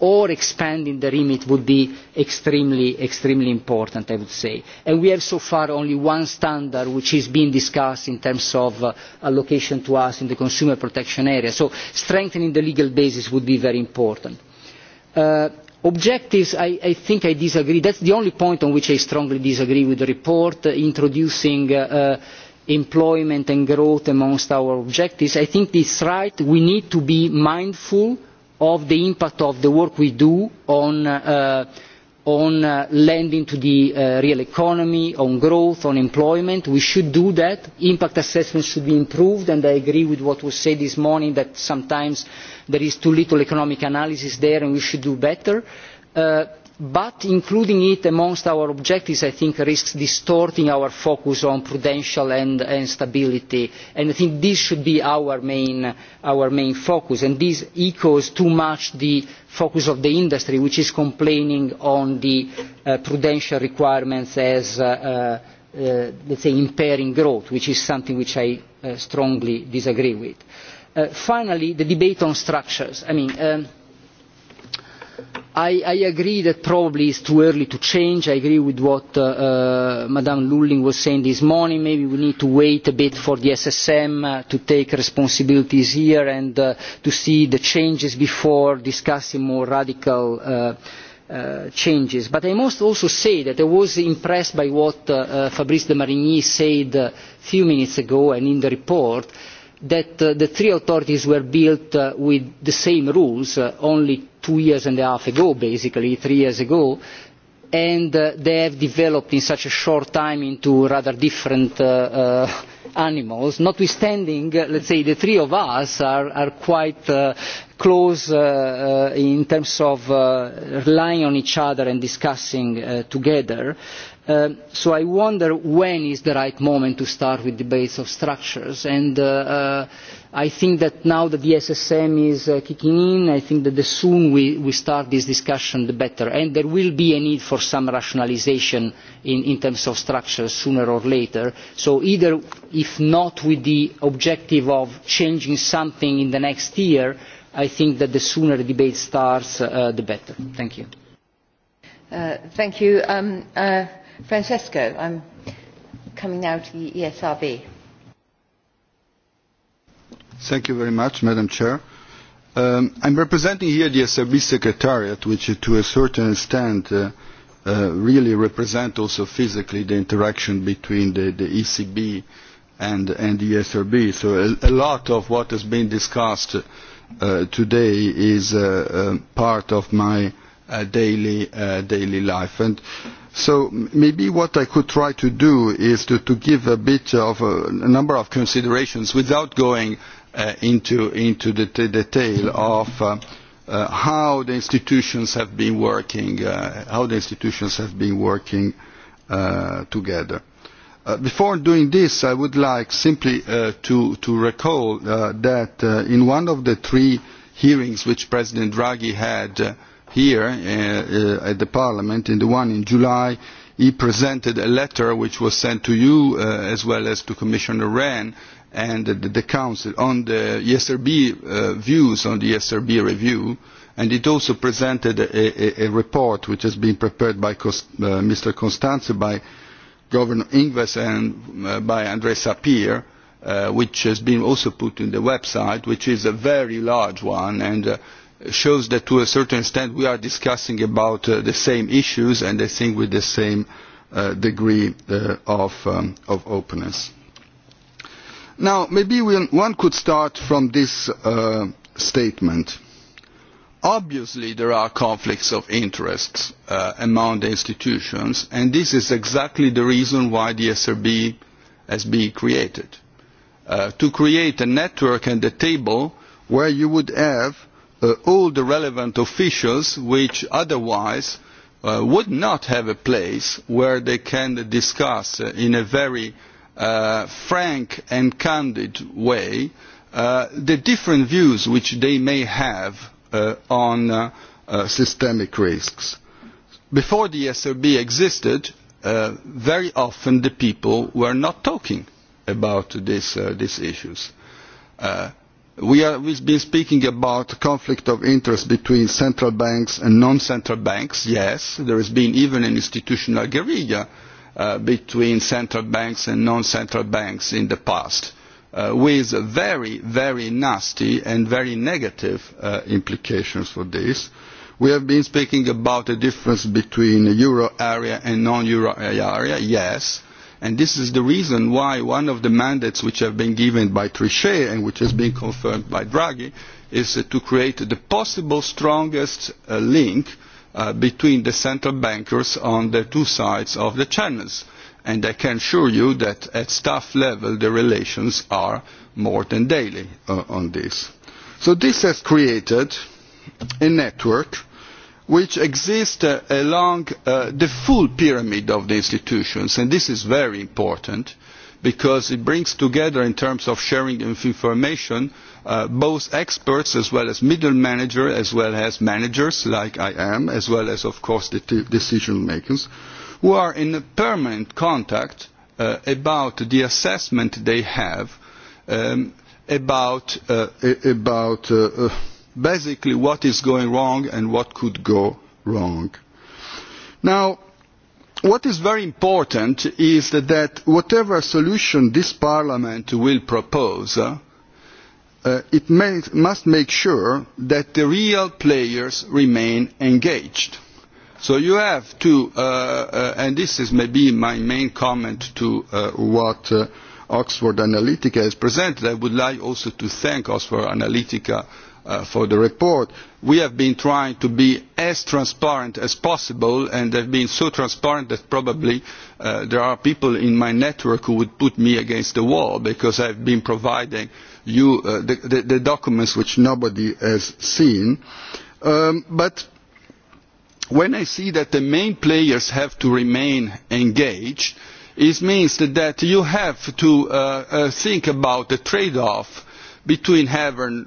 or expanding the remit would be extremely, extremely important, I would say. And we have so far only one standard which is being discussed in terms of uh, allocation to us in the consumer protection area. So strengthening the legal basis would be very important. Uh, objectives, I, I think I disagree. That's the only point on which I strongly disagree with the report, uh, introducing uh, uh, employment and growth amongst our objectives. I think it's right. We need to be mindful of the impact of the work we do on, uh, on uh, lending to the uh, real economy, on growth, on employment. We should do that. Impact assessment should be improved, and I agree with what was said this morning that sometimes there is too little economic analysis there and we should do better. Uh, but including it amongst our objectives I think risks distorting our focus on prudential and, and stability and I think this should be our main, our main focus and this echoes too much the focus of the industry which is complaining on the uh, prudential requirements as uh, uh, uh let's say impairing growth which is something which I uh, strongly disagree with. Uh, finally, the debate on structures. I mean, um, I, I agree that probably it's too early to change. I agree with what uh, uh, Madame Lulling was saying this morning. Maybe we need to wait a bit for the SSM uh, to take responsibilities here and uh, to see the changes before discussing more radical uh, uh, changes. But I must also say that I was impressed by what uh, uh, Fabrice de Marigny said a few minutes ago and in the report that uh, the three authorities were built uh, with the same rules, uh, only two years and a half ago, basically, three years ago, and uh, they have developed in such a short time into rather different uh, uh, animals. Notwithstanding, uh, let's say the three of us are, are quite uh, close uh, uh, in terms of uh, relying on each other and discussing uh, together. Uh, Um, so I wonder when is the right moment to start with debates of structures. And uh, uh, I think that now that the SSM is uh, kicking in, I think that the soon we, we start this discussion, the better. And there will be a need for some rationalization in, in terms of structures sooner or later. So either, if not with the objective of changing something in the next year, I think that the sooner the debate starts, uh, the better. Thank you. Uh, thank you. Um, uh, Francesco, I'm coming now to the ESRB. Thank you very much, Madam Chair. Um, I'm representing here the SRB Secretariat, which to a certain extent uh, uh, really represent also physically the interaction between the, the ECB and, and the e SRB. So a, a lot of what has been discussed uh, today is uh, uh, part of my uh, uh, daily, uh, daily life. And so maybe what I could try to do is to, to give a bit of a, a number of considerations without going uh, into, into the t detail of uh, uh, how the institutions have been working, uh, how the institutions have been working uh, together. Uh, before doing this, I would like simply uh, to, to recall uh, that uh, in one of the three hearings which President Draghi had uh, here uh, uh, at the Parliament, in the one in July, he presented a letter which was sent to you uh, as well as to Commissioner Wren and the, the Council on the ESRB uh, views on the ESRB review. And it also presented a, a, a report which has been prepared by Cost, uh, Mr. Constanze, by Governor Ingves and uh, by Andres Sapir, uh, which has been also put in the website, which is a very large one. and uh, shows that to a certain extent we are discussing about uh, the same issues and I think with the same uh, degree uh, of, um, of openness. Now, maybe we'll, one could start from this uh, statement. Obviously, there are conflicts of interests uh, among the institutions, and this is exactly the reason why the SRB has been created. Uh, to create a network and a table where you would have uh, uh, all the relevant officials which otherwise uh, would not have a place where they can discuss uh, in a very uh, frank and candid way uh, the different views which they may have uh, on uh, uh, systemic risks. Before the SRB existed, uh, very often the people were not talking about this, uh, these issues. Uh, we have been speaking about conflict of interest between central banks and non-central banks. Yes, there has been even an institutional guerrilla uh, between central banks and non-central banks in the past, uh, with very, very nasty and very negative uh, implications for this. We have been speaking about the difference between euro area and non-euro area. Yes, And this is the reason why one of the mandates which have been given by Trichet and which has been confirmed by Draghi is uh, to create the possible strongest uh, link uh, between the central bankers on the two sides of the channels. And I can assure you that at staff level the relations are more than daily uh, on this. So this has created a network uh, which exist uh, along uh, the full pyramid of the institutions. And this is very important because it brings together in terms of sharing of information uh, both experts as well as middle managers as well as managers like I am as well as of course the decision makers who are in permanent contact uh, about the assessment they have um, about, uh, about uh, uh basically what is going wrong and what could go wrong. Now, what is very important is that, that whatever solution this Parliament will propose, uh, uh, it may, must make sure that the real players remain engaged. So you have to, uh, uh, and this is maybe my main comment to uh, what uh, Oxford Analytica has presented. I would like also to thank Oxford Analytica Uh, for the report. We have been trying to be as transparent as possible and have been so transparent that probably uh, there are people in my network who would put me against the wall because I've been providing you uh, the, the, the documents which nobody has seen. Um, but when I see that the main players have to remain engaged, it means that you have to uh, uh, think about the trade-off between having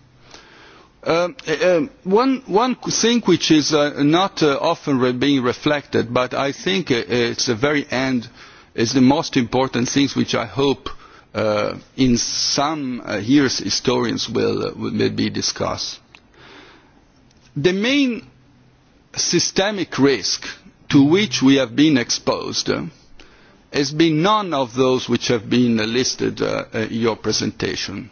Um, uh, um, one, one thing which is uh, not uh, often re being reflected, but I think uh, it's the very end, is the most important things which I hope uh, in some uh, years historians will, uh, will maybe discuss. The main systemic risk to which we have been exposed uh, has been none of those which have been listed uh, in your presentation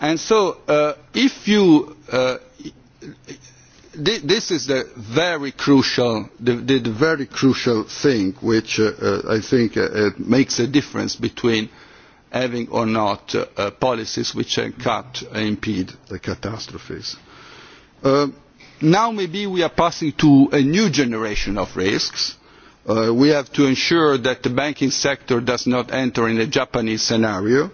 And so uh, if you, uh, th this is the very crucial, the, the very crucial thing which uh, uh, I think uh, uh, makes a difference between having or not uh, uh, policies which can cut and uh, impede the catastrophes. Uh, now maybe we are passing to a new generation of risks. Uh, we have to ensure that the banking sector does not enter in a Japanese scenario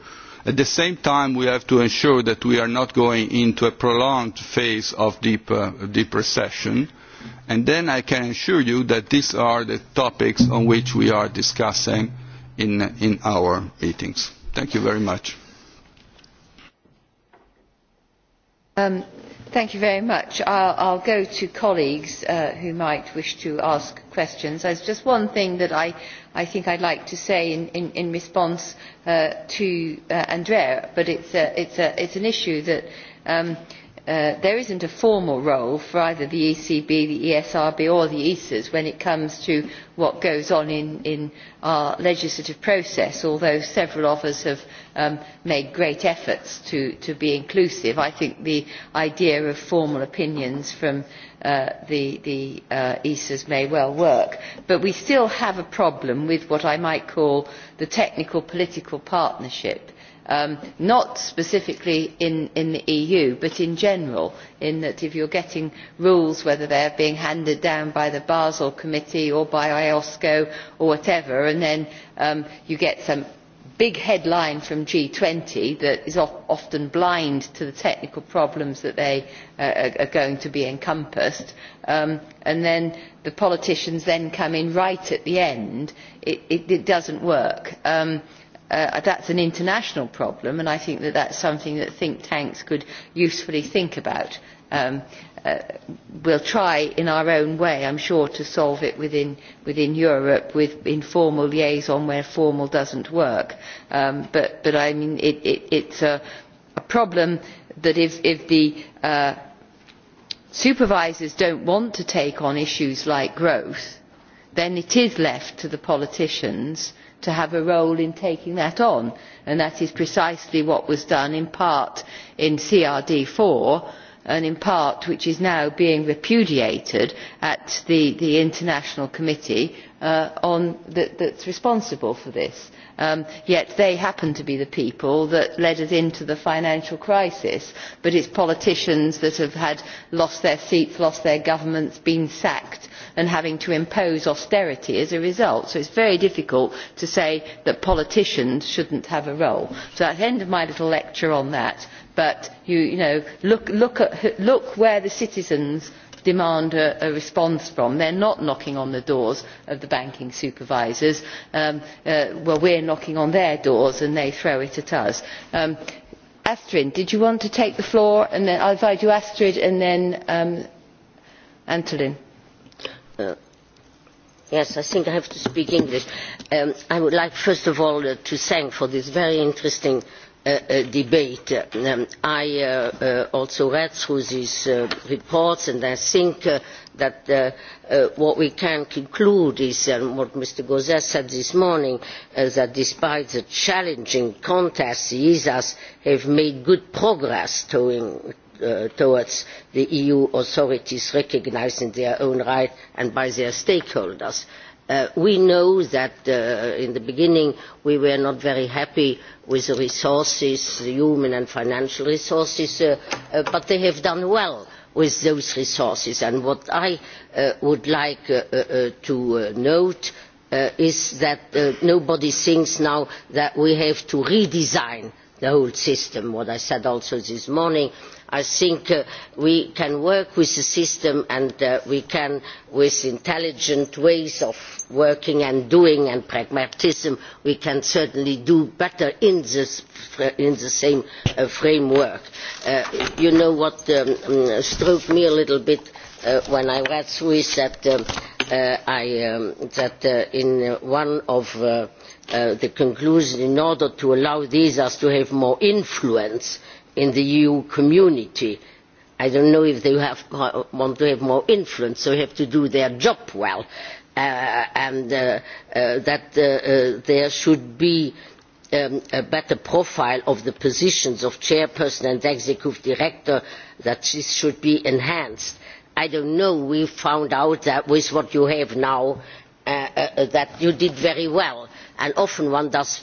At the same time, we have to ensure that we are not going into a prolonged phase of deep, uh, deep recession. And then I can assure you that these are the topics on which we are discussing in, in our meetings. Thank you very much. Um, thank you very much. I'll, I'll go to colleagues uh, who might wish to ask questions. There's just one thing that I, I think I'd like to say in, in, in response uh, to uh, Andrea, but it's, a, it's, a, it's an issue that um, uh, there isn't a formal role for either the ECB, the ESRB or the ESAs when it comes to what goes on in, in our legislative process, although several of us have um, made great efforts to, to be inclusive. I think the idea of formal opinions from uh, uh, the, the uh, ESAs may well work. But we still have a problem with what I might call the technical political partnership. Um, not specifically in, in the EU, but in general, in that if you're getting rules, whether they're being handed down by the Basel Committee or by IOSCO or whatever, and then um, you get some big headline from g twenty that is often blind to the technical problems that they uh, are going to be encompassed um, and then the politicians then come in right at the end it, does not work um, uh, That is an international problem and I think that is something that think tanks could usefully think about um, uh, will try in our own way, I'm sure, to solve it within, within Europe with informal liaison where formal doesn't work. Um, but, but I mean, it, it, it's a, a problem that if, if the uh, supervisors don't want to take on issues like growth, then it is left to the politicians to have a role in taking that on. And that is precisely what was done in part in CRD4, and in part which is now being repudiated at the, the international committee uh, on, that, that's responsible for this. Um, yet they happen to be the people that led us into the financial crisis but it's politicians that have had lost their seats, lost their governments, been sacked and having to impose austerity as a result. So it is very difficult to say that politicians should not have a role. So that is the end of my little lecture on that. But you, you know, look, look, at, where the citizens demand a, response from. They are not knocking on the doors of the banking supervisors. Um, uh, we are knocking on their doors and they throw it at us. Um, Astrid, did you want to take the floor? And then I'll invite you, Astrid, and then um, Antolin. Uh, yes, I think I have to speak English. Um, I would like first of all uh, to thank for this very interesting uh, uh, debate. Um, um I uh, uh, also read through these uh, reports and I think uh, that uh, uh, what we can conclude is, uh, what Mr. Gauzet said this morning, uh, that despite the challenging contest, the ISAs have made good progress towing, uh, towards the EU authorities recognised in their own right and by their stakeholders. Uh, we know that uh, in the beginning we were not very happy with the resources, the human and financial resources, uh, uh, but they have done well with those resources. And what I uh, would like uh, uh, uh to uh, note uh, is that uh, nobody thinks now that we have to redesign the whole system, what I said also this morning, uh, I think uh, we can work with the system and uh, we can, with intelligent ways of working and doing and pragmatism, we can certainly do better in, this, in the same uh, framework. Uh, you know what um, um struck me a little bit uh, when I read through is that, um, uh, I, um, that uh, in one of uh, uh, the conclusions, in order to allow these us to have more influence, in the EU community. I don't know if they have, want to have more influence, so they have to do their job well. Uh, and uh, uh, that uh, uh, there should be um, a better profile of the positions of chairperson and executive director, that this should be enhanced. I don't know, we found out that with what you have now, uh, uh, that you did very well. And often one does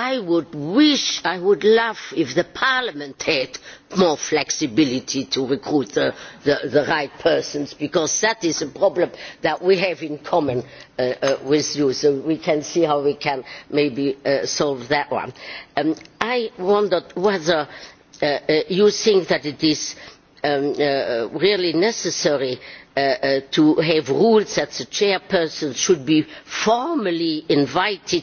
I would wish, I would love if the Parliament had more flexibility to recruit the, the, the right persons because that is a problem that we have in common uh, uh, with you. So we can see how we can maybe uh, solve that one. Um, I wondered whether uh, uh, you think that it is um, uh, really necessary uh, uh, to have rules that the chairperson should be formally invited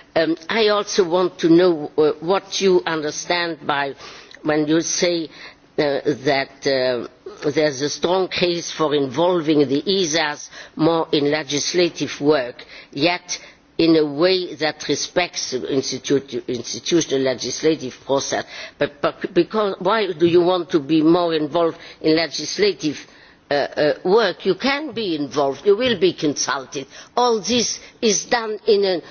Um, I also want to know uh, what you understand by when you say uh, that uh, there is a strong case for involving the ESAs more in legislative work, yet in a way that respects the institutional legislative process. But, but because, why do you want to be more involved in legislative uh, uh, work? You can be involved, you will be consulted. All this is done in a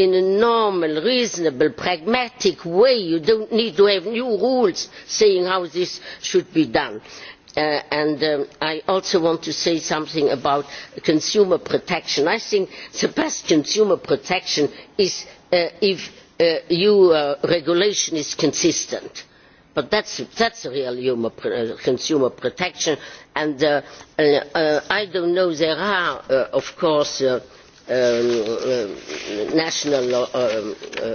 in a normal, reasonable, pragmatic way. You don't need to have new rules saying how this should be done. Uh, and um, I also want to say something about consumer protection. I think the best consumer protection is uh, if uh, EU uh, regulation is consistent. But that's, that's real human, uh, consumer protection. And uh, uh, uh, I don't know, there are, uh, of course, uh, Um, uh, national uh, uh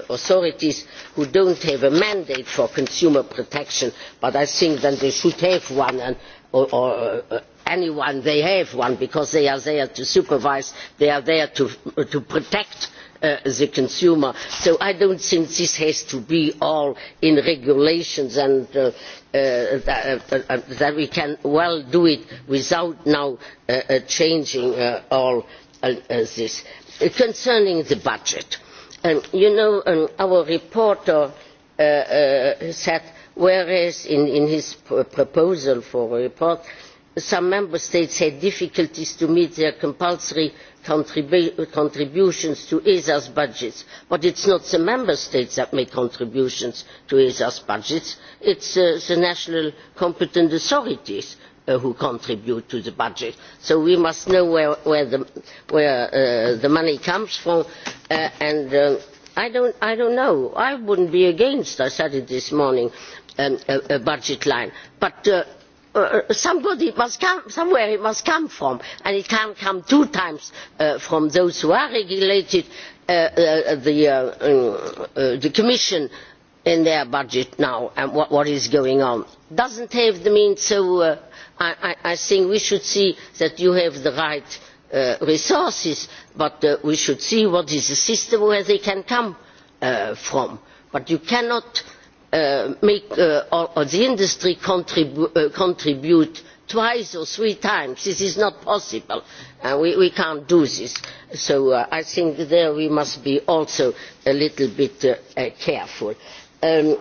authorities who do not have a mandate for consumer protection, but I think that they should have one and, or, or uh, anyone they have one because they are there to supervise, they are there to, to protect Uh, the consumer. So I do not think this has to be all in regulations and uh, uh, that, uh, that we can well do it without now changing all Uh, this. Concerning the budget, um, you know, um, our reporter uh, uh, said, whereas in, in his proposal for a report, some member states had difficulties to meet their compulsory contribu contributions to ESA's budgets. But it's not the member states that make contributions to ESA's budgets, it's uh, the national competent authorities uh, who contribute to the budget. So we must know where, where, the, where uh, the money comes from uh, and uh, I, don't, I don't know. I wouldn't be against, I said it this morning, um, a, a budget line. But uh, uh, somebody must come, somewhere it must come from and it can't come two times uh, from those who are regulated, uh, uh, the, uh, um, uh, the Commission in their budget now and what, what is going on. Doesn't have the means so uh, I, I, think we should see that you have the right uh, resources, but uh, we should see what is the system where they can come uh, from. But you cannot uh, make uh, the industry contribu uh, contribute twice or three times. This is not possible. Uh, we, we can't do this. So uh, I think there we must be also a little bit uh, uh, careful. Um,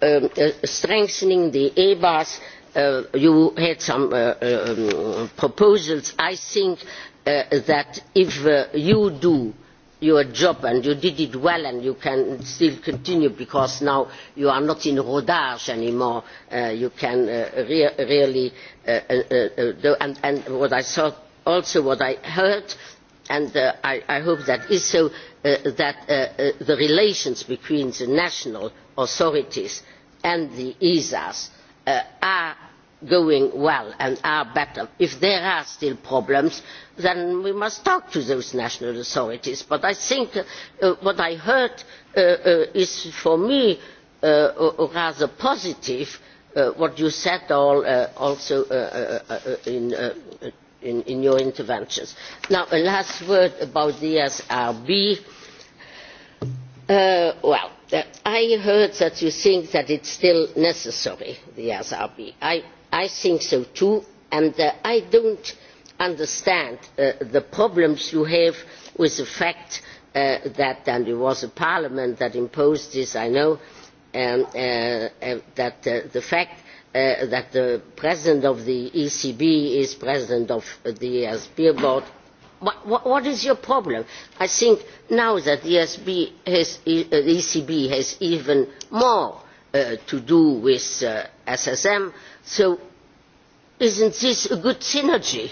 um, uh, strengthening the EBAs uh, you had some uh, uh, um, proposals. I think uh, that if uh, you do your job and you did it well and you can still continue because now you are not in rodage anymore. Uh, you can uh, re really uh, uh, uh, do. And, and what I saw, also what I heard, and uh, I, I hope that is so, uh, that uh, uh, the relations between the national authorities and the ESAs uh, are going well and are better, if there are still problems, then we must talk to those national authorities. But I think uh, uh what I heard uh, uh, is for me uh, uh, rather positive, uh, what you said all, uh, also uh, uh, uh, in, uh, in, in your interventions. Now, a last word about the SRB. Uh, well, uh, I heard that you think that it's still necessary, the SRB. I I think so too, and uh, I don't understand uh, the problems you have with the fact uh, that, and it was a parliament that imposed this, I know, um, uh, uh, that uh, the fact uh, that the president of the ECB is president of the ESB board. What, what, what is your problem? I think now that the, ESB has, the uh, ECB has even more uh, to do with uh, SSM, So isn't this a good synergy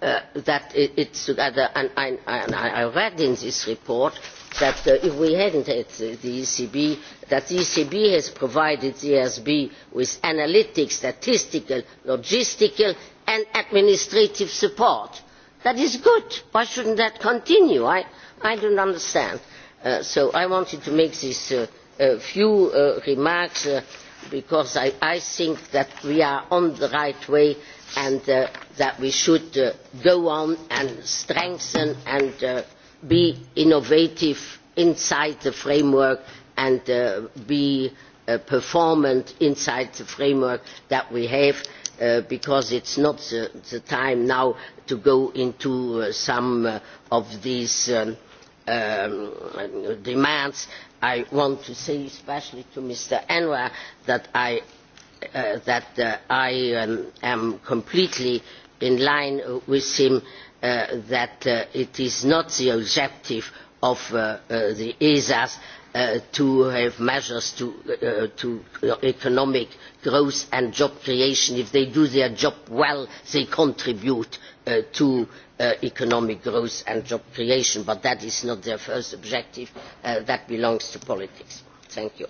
uh, that it, it's together? And, and, and I read in this report that uh, if we hadn't had the ECB, e that the ECB has provided the ESB with analytic, statistical, logistical and administrative support. That is good. Why shouldn't that continue? I, I don't understand. Uh, so I wanted to make these uh, uh, few uh, remarks uh, because I, I think that we are on the right way and uh, that we should uh, go on and strengthen and uh, be innovative inside the framework and uh, be uh, performant inside the framework that we have uh, because it's not the, the time now to go into uh, some uh, of these um, um, demands I want to say especially to Mr. Enwa that I, uh, that, uh, I um, am completely in line with him uh, that uh, it is not the objective of uh, uh, the ESAs uh, to have measures to, uh, to economic growth and job creation. If they do their job well, they contribute uh, to uh, economic growth and job creation, but that is not their first objective. Uh, that belongs to politics. Thank you.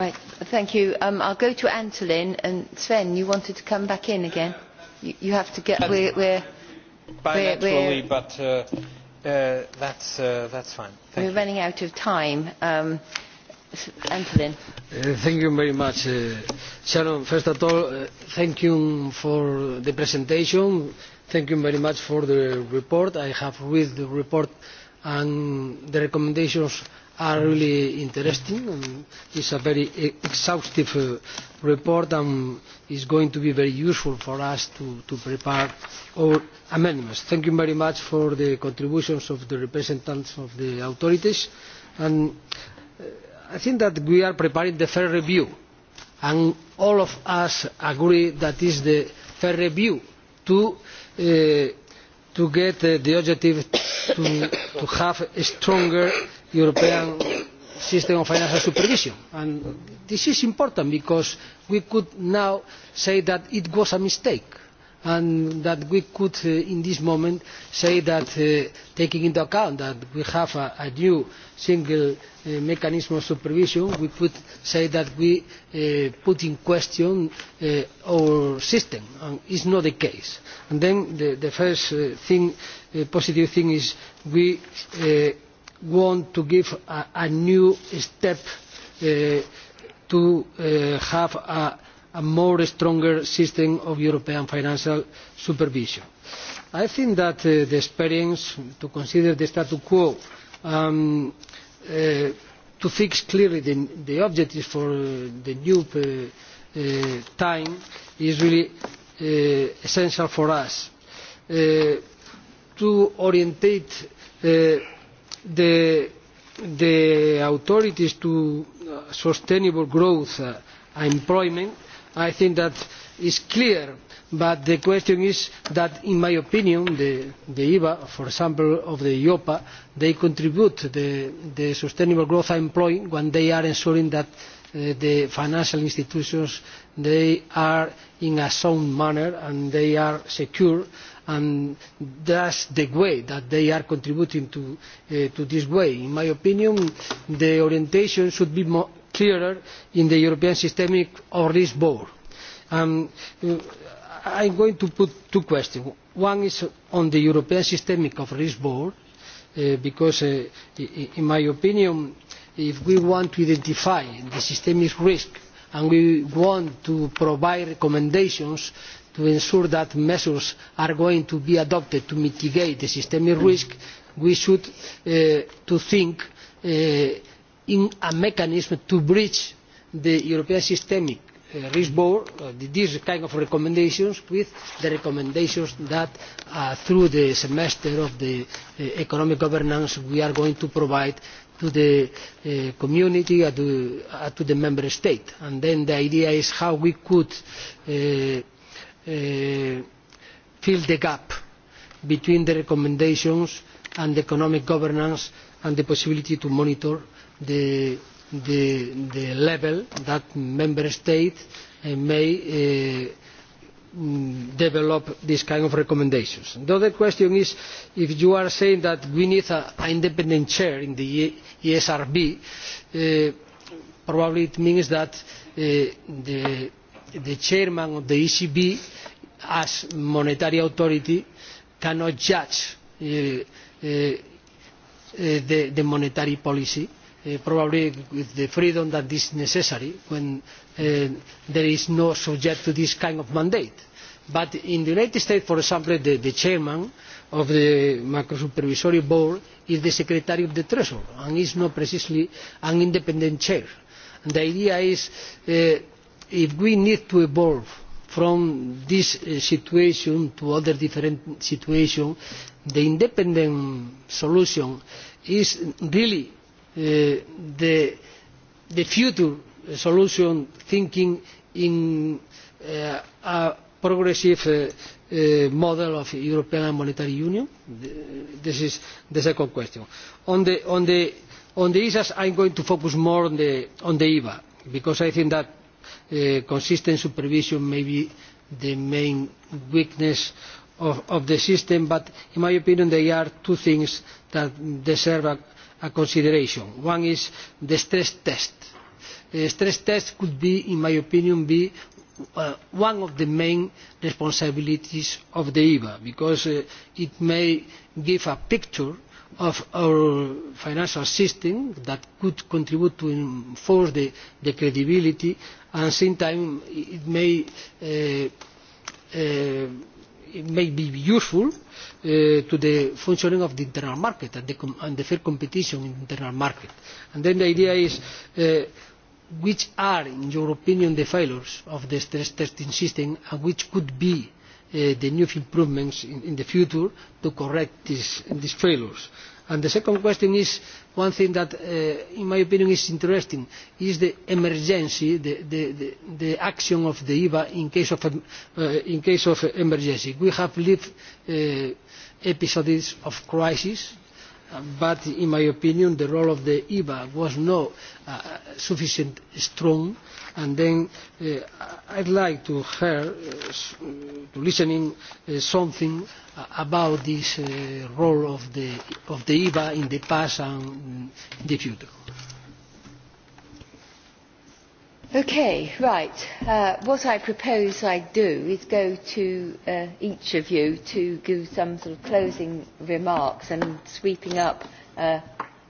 Right, thank you. Um, I'll go to Antolin and Sven, you wanted to come back in again. You, you have to get... Um, we're, we're, bilaterally, we're, but uh, uh, that's, uh, that's fine. Thank we're you. running out of time. Um, Antolin. Uh, thank you very much. Uh, Sharon, first of all, uh, thank you for the presentation Thank you very much for the report. I have read the report and the recommendations are really interesting. And um, it's a very e-, exhaustive uh, report and is going to be very useful for us to, to prepare our amendments. Thank you very much for the contributions of the representatives of the authorities. And uh, I think that we are preparing the fair review. And all of us agree that is the fair review to, uh, to get uh, the objective to, to have a stronger European system of financial supervision. And this is important because we could now say that it was a mistake and that we could uh, in this moment say that uh, taking into account that we have a, a new single uh, mechanism of supervision we could say that we uh, put in question uh, our system and it's not the case and then the, the first uh, thing uh, positive thing is we uh, want to give a, a new step uh, to uh, have a a more stronger system of European financial supervision. I think that uh, the experience to consider the status quo, um, uh, to fix clearly the, the objectives for uh, the new uh, uh, time is really uh, essential for us. Uh, to orientate uh, the, the authorities to sustainable growth uh, employment I think that is clear, but the question is that, in my opinion, the, the IVA, for example, of the IOPA, they contribute the, the sustainable growth I employing when they are ensuring that Uh, the financial institutions they are in a sound manner and they are secure and that's the way that they are contributing to, uh, to this way. In my opinion, the orientation should be more clearer in the European Systemic or Risk Board. Um, uh, I'm going to put two questions. One is on the European Systemic of Risk Board, uh, because uh, in my opinion, if we want to identify the systemic risk and we want to provide recommendations to ensure that measures are going to be adopted to mitigate the systemic risk, we should uh, to think uh, in a mechanism to bridge the European Systemic uh, Risk Board, uh, these kind of recommendations, with the recommendations that uh, through the semester of the uh, economic governance we are going to provide to the uh, community and uh, to, uh, to the member state. And then the idea is how we could uh, uh, fill the gap between the recommendations and the economic governance and the possibility to monitor the, the, the level that member states eh, may uh, develop this kind of recommendations. The other question is if you are saying that we need an independent chair in the ESRB, e uh, eh, probably it means that uh, the, the chairman of the ECB as monetary authority cannot judge uh, uh, the, the monetary policy Eh, probably with the freedom that is necessary when uh, there is no subject to this kind of mandate. But in the United States, for example, the, the chairman of the macro supervisory board is the secretary of the treasury and is not precisely an independent chair. And the idea is uh, if we need to evolve from this uh, situation to other different situations, the independent solution is really Eh, the, the future solution thinking in uh, a progressive uh, uh, model of European Monetary Union? This is the second question. On the, on the, on the ISAs, I'm going to focus more on the, on the IVA, because I think that uh, consistent supervision may be the main weakness of, of the system, but in my opinion, there are two things that deserve a, a consideration. One is the stress test. The stress test could be, in my opinion, be uh, one of the main responsibilities of the EVA, because uh, it may give a picture of our financial system that could contribute to enforce the, the credibility and at the same time it may, uh, uh, it may be useful uh, to the functioning of the internal market and the, com and the fair competition in the internal market. And then the idea is uh, which are, in your opinion, the failures of the stress testing system and which could be uh, the new improvements in, in the future to correct these, these failures. And the second question is one thing that, uh, in my opinion, is interesting, is the emergency, the, the, the, the action of the IVA in case of, uh, in case of emergency. We have lived uh, episodes of crisis but in my opinion the role of the IBA e was not uh, sufficient strong and then uh, I'd like to hear uh, to listening uh, something uh, about this uh, role of the, of the IBA e in the past and in the future. Okay, right. Uh, what I propose I do is go to uh, each of you to give some sort of closing remarks and sweeping up uh,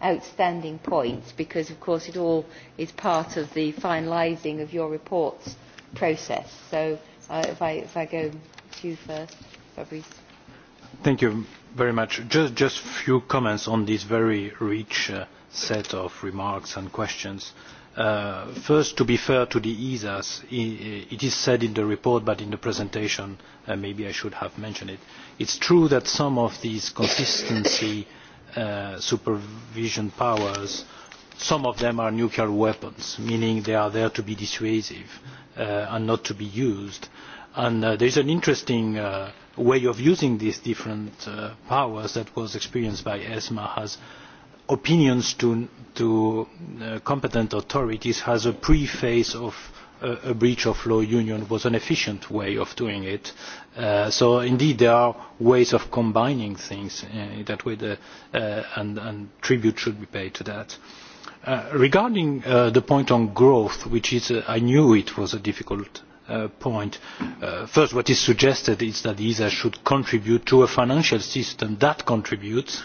outstanding points because, of course, it all is part of the finalising of your reports process. So uh, if, I, if I go to you first, Fabrice. Thank you very much. Just, just few comments on this very rich uh, set of remarks and questions. Uh, Uh, first, to be fair to the ESAs, it is said in the report, but in the presentation, uh, maybe I should have mentioned it. It's true that some of these consistency uh, supervision powers, some of them are nuclear weapons, meaning they are there to be dissuasive uh, and not to be used. And uh, there's an interesting uh, way of using these different uh, powers that was experienced by ESMA has opinions to, to uh, competent authorities has a preface of uh, a breach of law union was an efficient way of doing it. Uh, so indeed there are ways of combining things uh, that way the, uh, and, and tribute should be paid to that. Uh, regarding uh, the point on growth, which is, uh, I knew it was a difficult uh, point. Uh, first, what is suggested is that ESA should contribute to a financial system that contributes uh,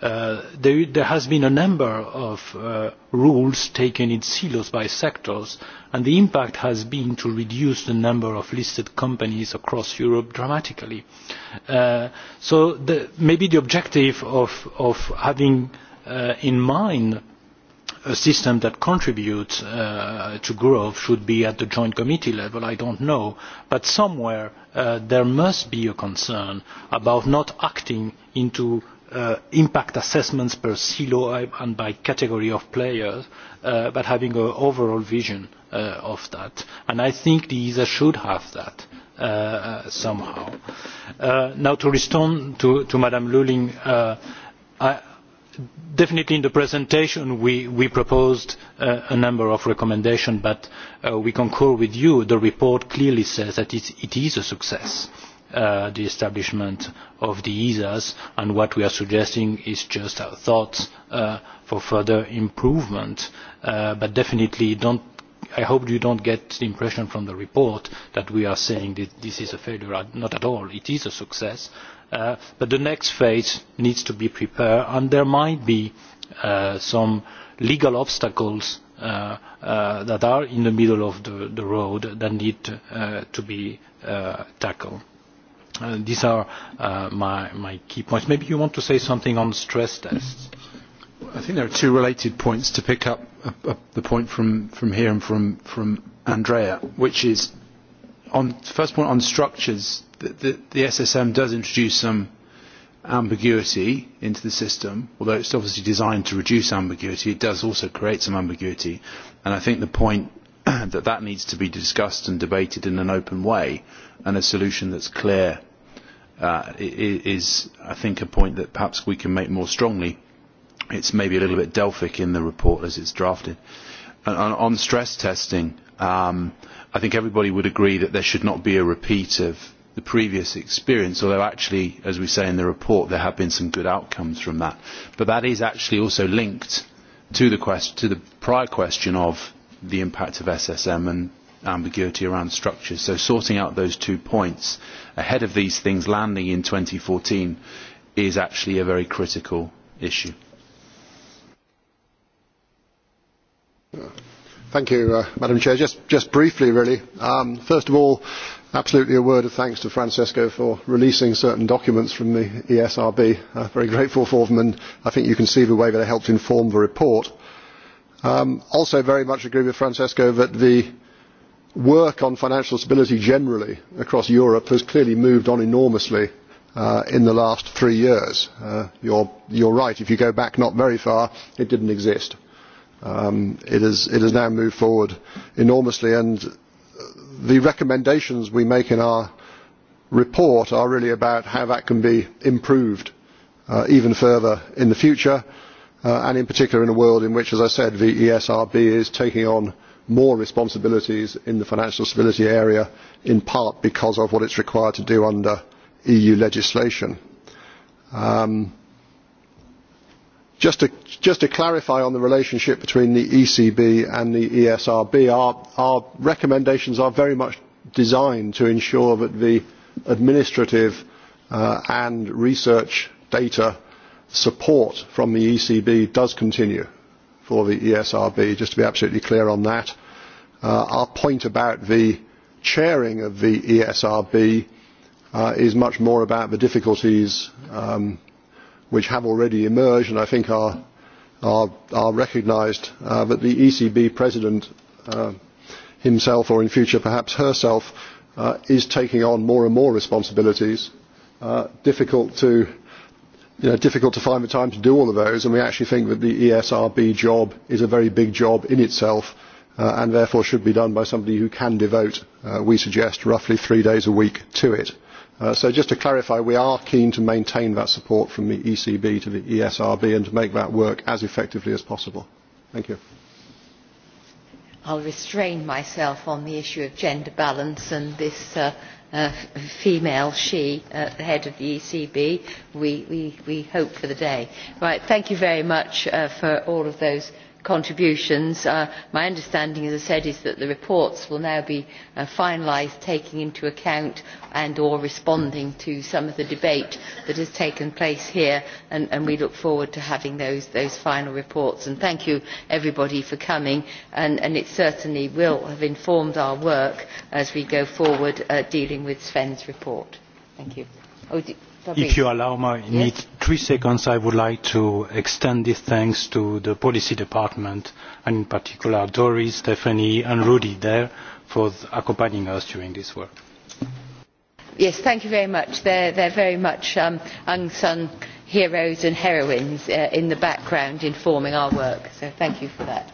Uh, there, there has been a number of uh, rules taken in silos by sectors, and the impact has been to reduce the number of listed companies across Europe dramatically. Uh, so the, maybe the objective of, of having uh, in mind a system that contributes uh, to growth should be at the joint committee level, I don't know. But somewhere uh, there must be a concern about not acting into uh, impact assessments per silo uh, and by category of players, uh, but having an overall vision uh, of that. And I think the ESA should have that uh, uh, somehow. Uh, now to respond to, to Madame Luling, uh, I, definitely in the presentation we, we proposed uh, a number of recommendations, but uh, we concur with you. The report clearly says that it, it is a success. Uh, uh, the establishment of the ESAs, and what we are suggesting is just our thoughts uh, for further improvement. Uh, but definitely, don't, I hope you don't get the impression from the report that we are saying that this is a failure. Not at all. It is a success. Uh, but the next phase needs to be prepared, and there might be uh, some legal obstacles uh, uh, that are in the middle of the, the road that need uh, to be uh, tackled. Uh, these are uh, my, my key points. Maybe you want to say something on stress tests. I think there are two related points to pick up uh, uh the point from, from here and from, from Andrea, which is on first point on structures. The, the, the SSM does introduce some ambiguity into the system, although it's obviously designed to reduce ambiguity. It does also create some ambiguity, and I think the point that that needs to be discussed and debated in an open way and a solution that's clear uh, is, I think, a point that perhaps we can make more strongly. It's maybe a little bit Delphic in the report as it's drafted. And on, on stress testing, um, I think everybody would agree that there should not be a repeat of the previous experience, although actually, as we say in the report, there have been some good outcomes from that. But that is actually also linked to the, quest to the prior question of the impact of SSM and ambiguity around structures. So sorting out those two points ahead of these things landing in 2014 is actually a very critical issue. Thank you, uh, Madam Chair. Just, just briefly, really. Um, first of all, absolutely a word of thanks to Francesco for releasing certain documents from the ESRB. Uh, very grateful for them, and I think you can see the way that it helped inform the report. Um, also, very much agree with Francesco that the work on financial stability generally across Europe has clearly moved on enormously uh, in the last three years. Uh, you're, you're right, if you go back not very far, it didn't exist. Um, it, is, it has now moved forward enormously, and the recommendations we make in our report are really about how that can be improved uh, even further in the future, uh, and in particular in a world in which, as I said, the ESRB is taking on more responsibilities in the financial stability area in part because of what it's required to do under EU legislation. Um, just, to, just to clarify on the relationship between the ECB and the ESRB, our, our recommendations are very much designed to ensure that the administrative uh, and research data support from the ECB does continue for the ESRB, just to be absolutely clear on that. Uh, our point about the chairing of the ESRB uh, is much more about the difficulties um, which have already emerged and I think are, are, are recognised uh, that the ECB president uh, himself or in future perhaps herself uh, is taking on more and more responsibilities, uh, difficult to you know, difficult to find the time to do all of those, and we actually think that the ESRB job is a very big job in itself, uh, and therefore should be done by somebody who can devote, uh, we suggest, roughly three days a week to it. Uh, so just to clarify, we are keen to maintain that support from the ECB to the ESRB and to make that work as effectively as possible. Thank you. I'll restrain myself on the issue of gender balance and this uh, uh, female, she, uh, the head of the ECB, we, we, we hope for the day. Right, thank you very much uh, for all of those contributions. Uh, my understanding, as I said, is that the reports will now be uh, finalised, taking into account and or responding to some of the debate that has taken place here, and, and we look forward to having those, those final reports. And thank you, everybody, for coming, and, and it certainly will have informed our work as we go forward uh, dealing with Sven's report. Thank you. Oh, If you allow me, yes? three seconds, I would like to extend this thanks to the policy department, and in particular Doris, Stephanie, and Rudy there for accompanying us during this work. Yes, thank you very much. They're, they're very much um, unsung heroes and heroines uh, in the background informing our work, so thank you for that.